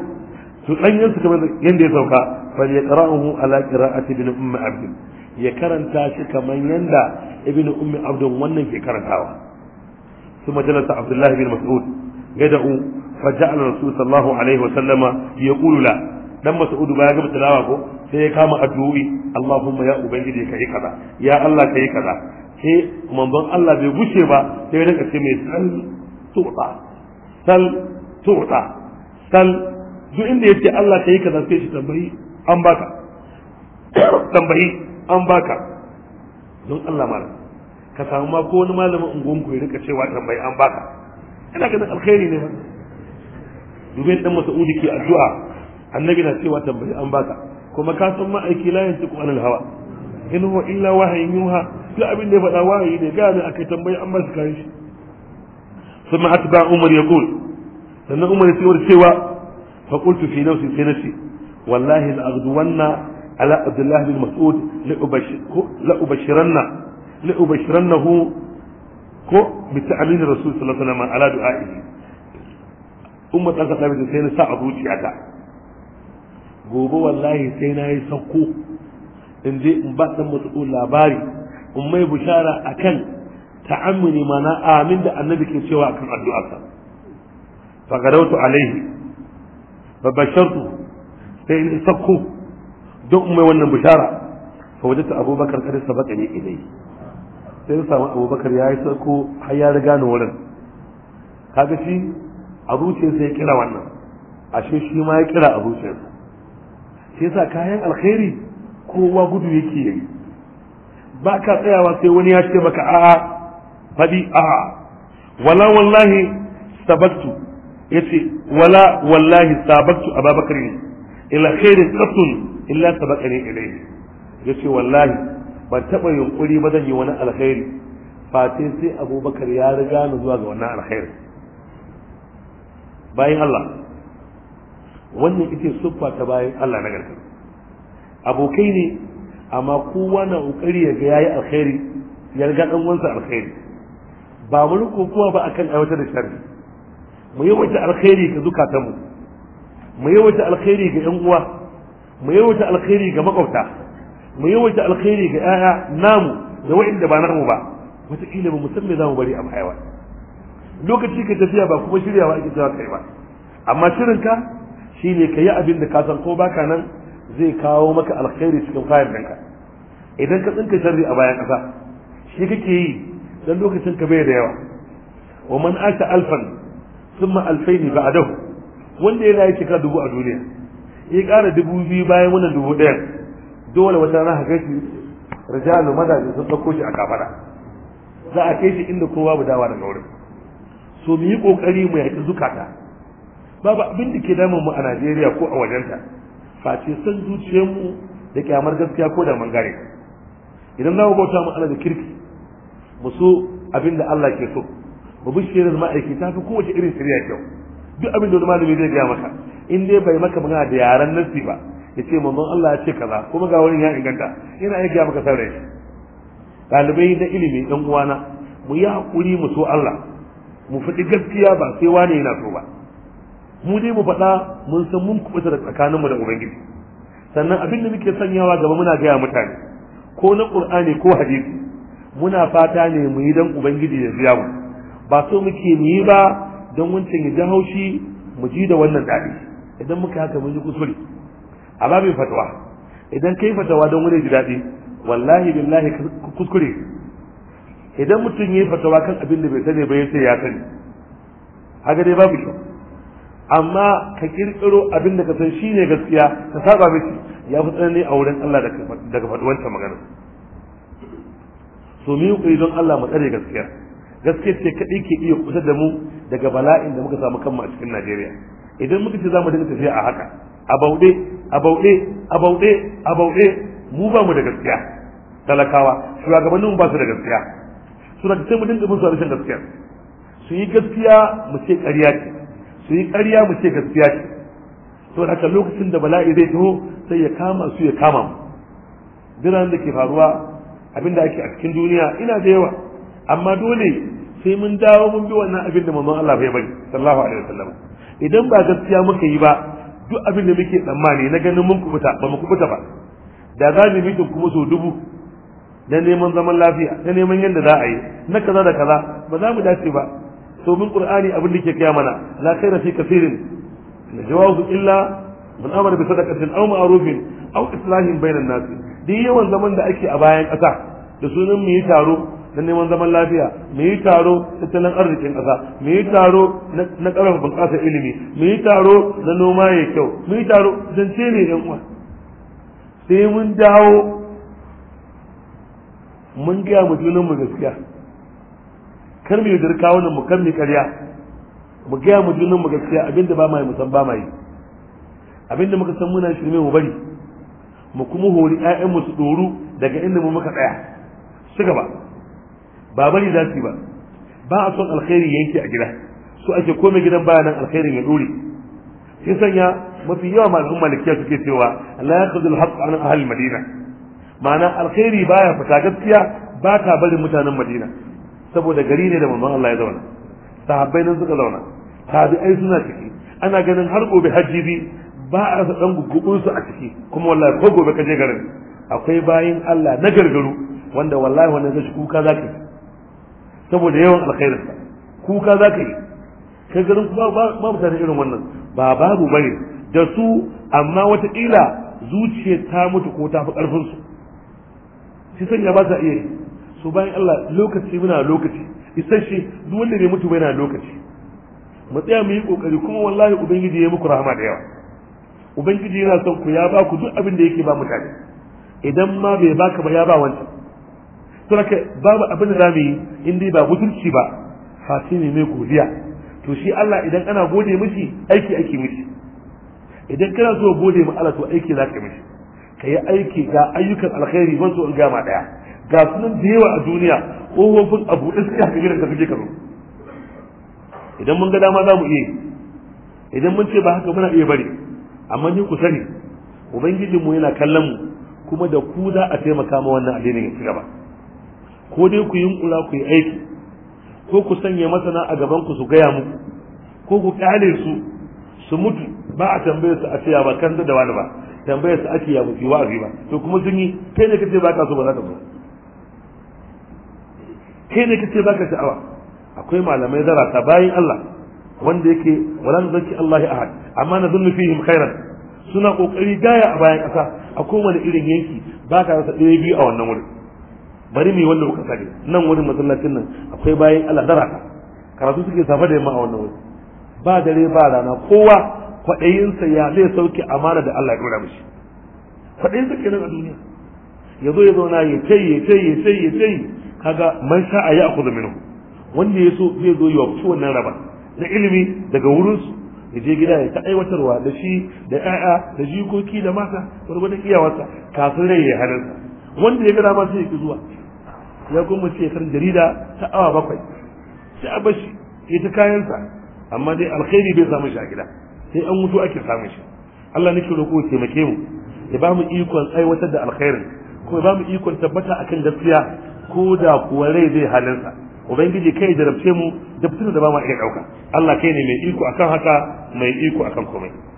su ɗanyen su kamar yadda ya sauka fa ya umu ala a bin ummi abdin ya karanta shi kamar yadda ibnu ummi abdin wannan ke karantawa ثم جلس عبد الله بن مسعود fa ja'ala الرسول صلى الله wa وسلم ya له dan Mas'udu ba ya gaba tilawa ko sai ya kama addu'i Allahumma ya ubangiji kai kaza ya Allah kai kaza sai manzon Allah bai gushe ba sai ya rinka ce mai sal tuta sal tuta sal duk inda yace Allah kai kaza sai shi tambayi an baka *coughs* tambayi an baka don Allah mara ka samu ma ko wani malamin unguwanku ya rinka cewa tambayi an baka ina ganin alkhairi ne ba dubin dan Mas'udi ke addu'a annabi na cewa tambayi an baka kuma ka san ma'aiki la yantiqu anil hawa in huwa illa wahyin yuha duk abin da ya faɗa wahayi ne gane akai tambayi an bashi kai shi umar ya عمر يقول لأن عمر يقول سوى فقلت في نفسي في نفسي والله لأغدون على عبد الله بن مسعود لأبشرن لأبشرنه بتأمين الرسول صلى الله عليه وسلم على دعائه umma dan ka tabi sai na sa a zuciyata gobe wallahi sai na yi sauko in je in ba ɗan masu labari in mai bushara akan ta'ammuni mana amin da annabi ke cewa akan addu'arsa fa garautu alaihi fa sai in sauko don in mai wannan bushara fa wajata abubakar kada baka ne ilai sai na samu abubakar ya yi sauko har ya riga ni wurin kaga shi a zuciyarsa ya kira wannan ashe shi ma ya kira a zuciyarsa shi yasa kayan alkhairi kowa gudu yake yi ba ka tsayawa sai wani ya ce maka a'a faɗi a'a wala wallahi sabaktu yace wala wallahi sabaktu ababakar ne ila khairin qatun illa ilai, ilayhi yace wallahi ban taba yunkuri ba zan yi wani alkhairi fate sai abubakar ya riga ni zuwa ga wannan alkhairi bayan Allah wannan ita siffa ta bayan Allah na garka abokai ne amma kowa na ƙoƙari ya ga yayi alkhairi ya ga dan wansa alkhairi ba mu riko kowa ba akan aiwatar da sharri mu yi wata alkhairi ga zukatanmu mu Mu yi wata alkhairi ga yan uwa mu yi wata alkhairi ga makwabta mu yi wata alkhairi ga yaya namu da wa'inda ba na mu ba wataƙila ba musamman za mu bari a baya lokaci ka tafiya ba kuma shiryawa ake cewa kai ba amma shirinka Shi ne ka yi abin da ka san ko baka nan zai kawo maka alkhairi cikin kayan ɗinka idan ka tsinka sharri a bayan ƙasa shi kake yi don lokacin ka bai da yawa wa man asha alfan thumma alfaini ba'dahu wanda yana yi shekara dubu a duniya ya ƙara dubu biyu bayan wannan dubu ɗayan dole wata rana ka shi rijalu mazaje sun ɗauko shi a kafara za a kai shi inda kowa bu dawa daga wurin so mu yi ƙoƙari mu yaƙi zukata babu abin da ke damun mu a Najeriya ko a wajenta face san mu da kyamar gaskiya ko da mangare idan na bauta mu Allah da kirki mu so abin da Allah ke so mu bi shi ma'aiki ta fi kowace irin shirya kyau duk abin da wani malami zai gaya maka in dai bai maka magana da yaren nasi ba ya ce mamman Allah ya ce kaza kuma ga wani ya inganta ina ya gaya maka saurayi ɗalibai na ilimi ɗan uwana mu yi haƙuri mu so Allah mu faɗi gaskiya ba sai wane yana so ba mu dai mu faɗa mun san mun kuɓuta da tsakaninmu da ubangiji sannan abin da muke sanyawa gaba muna gaya mutane ko na qur'ani ko hadisi muna fata ne mu yi dan ubangiji ya biya mu ba so muke mu yi ba don wancan ya ji haushi mu ji da wannan daɗi idan muka haka mun yi kuskure a babin fatawa idan kai fatawa don wani ji daɗi wallahi billahi kuskure idan mutum ya yi fatawa kan abin da bai sani ba ya ce ya sani haka dai babu kyau amma ka kirkiro abin da ka san shi ne gaskiya ka saba miki ya fi tsanani a wurin Allah daga wancan magana so mu yi don Allah mu tsare gaskiya gaskiya ce kaɗai ke iya kusa da mu daga bala'in da muka samu kanmu a cikin Najeriya idan muka ce za mu dinga tafiya a haka a bauɗe a bauɗe a bauɗe a bauɗe mu ba mu da gaskiya talakawa mu ba su da gaskiya suna da sai mu dinga musu a rashin gaskiya su yi gaskiya mu ce ƙarya ce su yi ƙarya mu ce gaskiya ce to haka lokacin da bala'i zai taho sai ya kama su ya kama mu biran da ke faruwa abinda ake a cikin duniya ina da yawa amma dole sai mun dawo mun bi wannan abin da manzon Allah bai bari sallallahu alaihi wasallam idan ba gaskiya muka yi ba duk abin da muke tsammani na ganin mun kubuta ba mu kubuta ba da za mu mutum kuma so dubu na neman zaman lafiya na neman yadda za a yi na kaza da kaza ba za mu dace ba min qur'ani abin da ke kai mana la khaira fi kafirin jawazu illa man amara bi sadaqatin aw ma'rufin aw islahin bainan nas duk yawan zaman da ake a bayan kasa. da sunan mu yi taro na neman zaman lafiya mu yi taro tattalin arzikin kasa. mu yi taro na ƙarfafa bunƙasar ilimi mu yi taro na noma ya kyau mu yi taro zance ne yan uwa sai mun dawo mun gaya mu junan mu gaskiya kar mu yaudar kawunan mu kar mu karya mu gaya mu junan mu gaskiya abinda ba mai musan ba mai abinda muka san muna shirme mu bari mu kuma hori ƴaƴan mu su doru daga inda mu muka tsaya su gaba ba bari za su ba ba a son alkhairi yanke a gida su ake komai gidan baya nan alkhairin ya dore shi sanya mafi yawa malamin malikiya suke cewa la yaqdu al-haqq an ahli madina ma'ana alkhairi baya fita gaskiya ba ta barin mutanen madina saboda gari ne da manzon Allah ya zauna sahabbai nan suka zauna tabi'ai suna ciki ana ganin har gobe hajji bi ba a rasa dan gugubun su a ciki kuma wallahi ko gobe ka je garin akwai bayin Allah na gargaru wanda wallahi wannan zai kuka zaka yi saboda yawan alkhairin sa kuka zaka yi kai garin ba ba mutane irin wannan ba babu bane da su amma wata kila zuciya ta mutu ko ta fi karfin su shi sanya ba sa iya yi so bayan Allah lokaci muna lokaci isasshe duk wanda ne mutu yana lokaci mu tsaya mu yi kokari kuma wallahi ubangiji ya muku rahama da yawa ubangiji yana son ku ya ba ku duk abin da yake ba mutane idan ma bai baka ba ya ba wancan to haka babu abin da zamu yi in dai ba mutunci ba fati ne mai godiya to shi Allah idan ana gode mishi aiki ake mishi idan kana so gode ma Allah to aiki zaka mishi kai aiki ga ayyukan alkhairi ban so in gama daya ga sunan da yawa a duniya ƙofofin abu da suke haka gidan ka suke karo idan mun ga dama za mu iya idan mun ce ba haka muna iya bari amma ni ku sani ubangijinmu yana kallon mu kuma da ku za a taimaka ma wannan addinin ya ci gaba ko dai ku yi kula ku yi aiki ko ku sanya masana a gaban ku su gaya muku ko ku kyale su su mutu ba a tambaye su a ce ya ba kan da wani ba tambaye su ake ya mutu wa'azi ba to kuma sun yi kai ne kace ba ka so ba za ka zo kai ne kace baka sha'awa akwai malamai zarata bayin Allah wanda yake walan zaki Allah ahad amma na zunnu fihim khairan suna kokari gaya a bayan kasa a wani irin yanki baka rasa ɗaya biyu a wannan wurin bari mu wanda kuka sani nan wurin masallacin nan akwai bayan Allah zarata karatu suke safa da yamma a wannan wurin ba dare ba rana kowa kwaɗayinsa ya zai sauke amana da Allah ya dora mishi kwaɗayinsa kenan a duniya ya zo ya zauna ya ce ya ce ya ce ya ce kaga man a ya akuzu minhu wanda ya so zai zo ya ci wannan raba na ilimi daga wurin su ya je gida ya ta aiwatarwa da shi da ƴaƴa da jikoki da mata gwargwadon iyawarsa kafin rai ya halarta. wanda ya gara ma sai ya ki zuwa ya kuma ce kan jarida ta awa bakwai sai a bashi ya ta kayansa amma dai alkhairi bai samu shi a gida sai an mutu ake samun shi Allah nake roƙo ya taimake mu ya ba mu ikon aiwatar da alkhairin kuma ba mu ikon tabbata akan gaskiya ko da kuwa rai zai halinsa ubangiji kai jarabce mu da fitar da ba ma iya ɗauka Allah kai ne mai iko akan haka mai iko akan komai